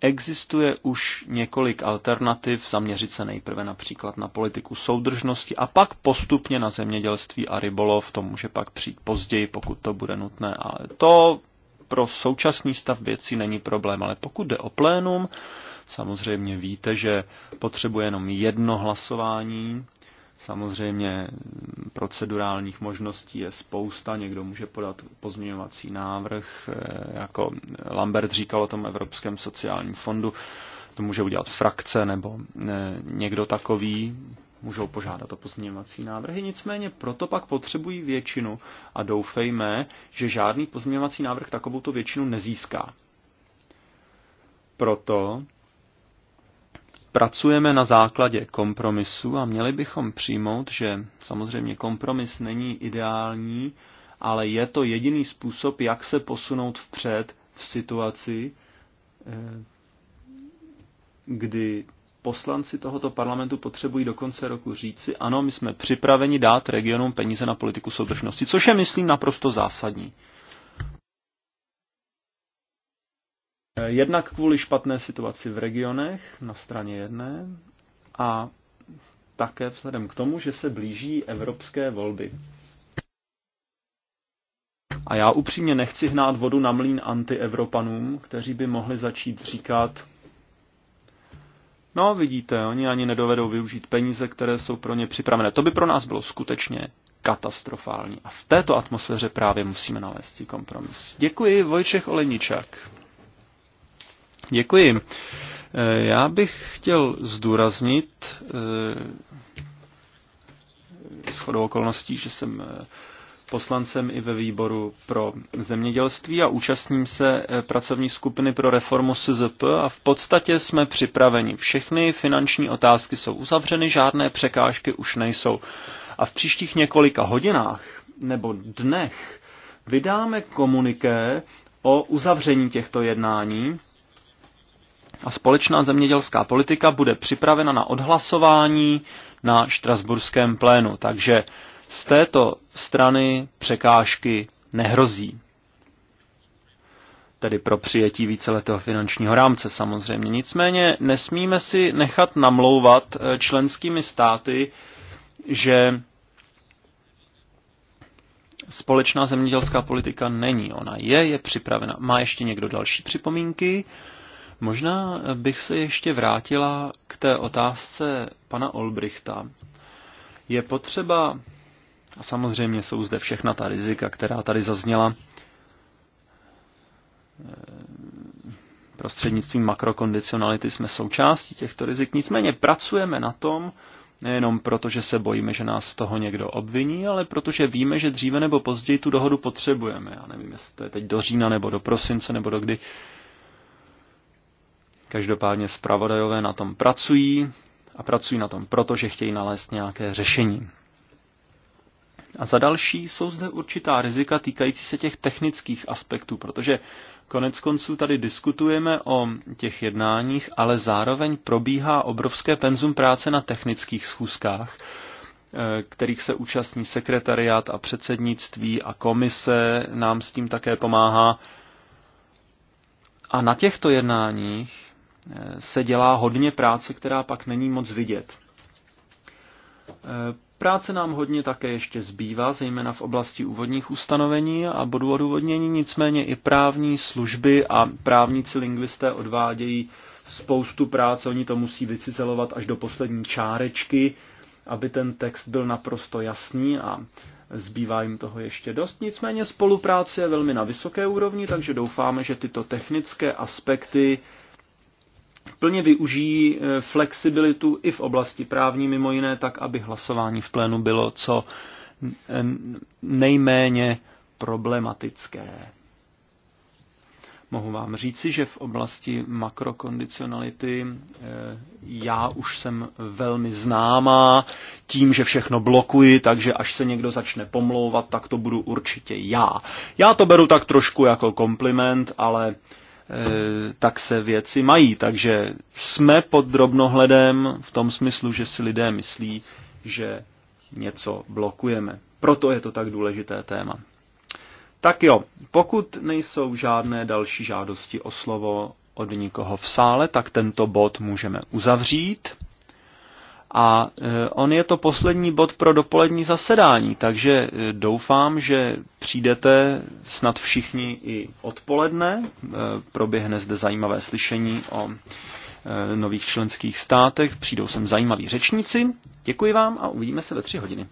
Existuje už několik alternativ zaměřit se nejprve například na politiku soudržnosti a pak postupně na zemědělství a rybolov. To může pak přijít později, pokud to bude nutné, ale to pro současný stav věcí není problém. Ale pokud jde o plénum, samozřejmě víte, že potřebuje jenom jedno hlasování Samozřejmě procedurálních možností je spousta, někdo může podat pozměňovací návrh, eh, jako Lambert říkal o tom Evropském sociálním fondu, to může udělat frakce nebo eh, někdo takový, můžou požádat o pozměňovací návrhy, nicméně proto pak potřebují většinu a doufejme, že žádný pozměňovací návrh takovou tu většinu nezíská. Proto pracujeme na základě kompromisu a měli bychom přijmout, že samozřejmě kompromis není ideální, ale je to jediný způsob, jak se posunout vpřed v situaci, eh, kdy poslanci tohoto parlamentu potřebují do konce roku říci, ano, my jsme připraveni dát regionům peníze na politiku soudržnosti, což je, myslím, naprosto zásadní. Jednak kvůli špatné situaci v regionech na straně jedné a také vzhledem k tomu, že se blíží evropské volby. A já upřímně nechci hnát vodu na mlín antievropanům, kteří by mohli začít říkat, no vidíte, oni ani nedovedou využít peníze, které jsou pro ně připravené. To by pro nás bylo skutečně katastrofální. A v této atmosféře právě musíme nalézt kompromis. Děkuji, Vojčech Oleničák. Děkuji. Eh, já bych chtěl zdůraznit eh, shodou okolností, že jsem eh, poslancem i ve výboru pro zemědělství a účastním se pracovní skupiny pro reformu SZP a v podstatě jsme připraveni. Všechny finanční otázky jsou uzavřeny, žádné překážky už nejsou. A v příštích několika hodinách nebo dnech vydáme komuniké o uzavření těchto jednání a společná zemědělská politika bude připravena na odhlasování na štrasburském plénu. Takže z této strany překážky nehrozí. Tedy pro přijetí víceletého finančního rámce samozřejmě. Nicméně nesmíme si nechat namlouvat eh, členskými státy, že společná zemědělská politika není. Ona je, je připravena. Má ještě někdo další připomínky? Možná bych se ještě vrátila k té otázce pana Olbrichta. Je potřeba, a samozřejmě jsou zde všechna ta rizika, která tady zazněla, eh, prostřednictvím makrokondicionality jsme součástí těchto rizik. Nicméně pracujeme na tom, nejenom proto, že se bojíme, že nás z toho někdo obviní, ale protože víme, že dříve nebo později tu dohodu potřebujeme. Já nevím, jestli to je teď do října nebo do prosince nebo do kdy. Každopádně zpravodajové na tom pracují a pracují na tom proto, že chtějí nalézt nějaké řešení. A za další jsou zde určitá rizika týkající se těch technických aspektů, protože konec konců tady diskutujeme o těch jednáních, ale zároveň probíhá obrovské penzum práce na technických schůzkách, eh, kterých se účastní sekretariát a předsednictví a komise nám s tím také pomáhá. A na těchto jednáních se dělá hodně práce, která pak není moc vidět. Práce nám hodně také ještě zbývá, zejména v oblasti úvodních ustanovení a bodů odůvodnění, nicméně i právní služby a právníci lingvisté odvádějí spoustu práce, oni to musí vycizelovat až do poslední čárečky, aby ten text byl naprosto jasný a zbývá jim toho ještě dost. Nicméně spolupráce je velmi na vysoké úrovni, takže doufáme, že tyto technické aspekty plně využijí eh, flexibilitu i v oblasti právní, mimo jiné tak, aby hlasování v plénu bylo co nejméně problematické. Mohu vám říci, že v oblasti makrokondicionality eh, já už jsem velmi známá tím, že všechno blokuji, takže až se někdo začne pomlouvat, tak to budu určitě já. Já to beru tak trošku jako kompliment, ale eh, Eh, tak se věci mají. Takže jsme pod drobnohledem v tom smyslu, že si lidé myslí, že něco blokujeme. Proto je to tak důležité téma. Tak jo, pokud nejsou žádné další žádosti o slovo od nikoho v sále, tak tento bod můžeme uzavřít. A e, on je to poslední bod pro dopolední zasedání, takže e, doufám, že přijdete snad všichni i odpoledne. E, proběhne zde zajímavé slyšení o nových členských státech. Přijdou sem zajímaví řečníci. Děkuji vám a uvidíme se ve tři hodiny.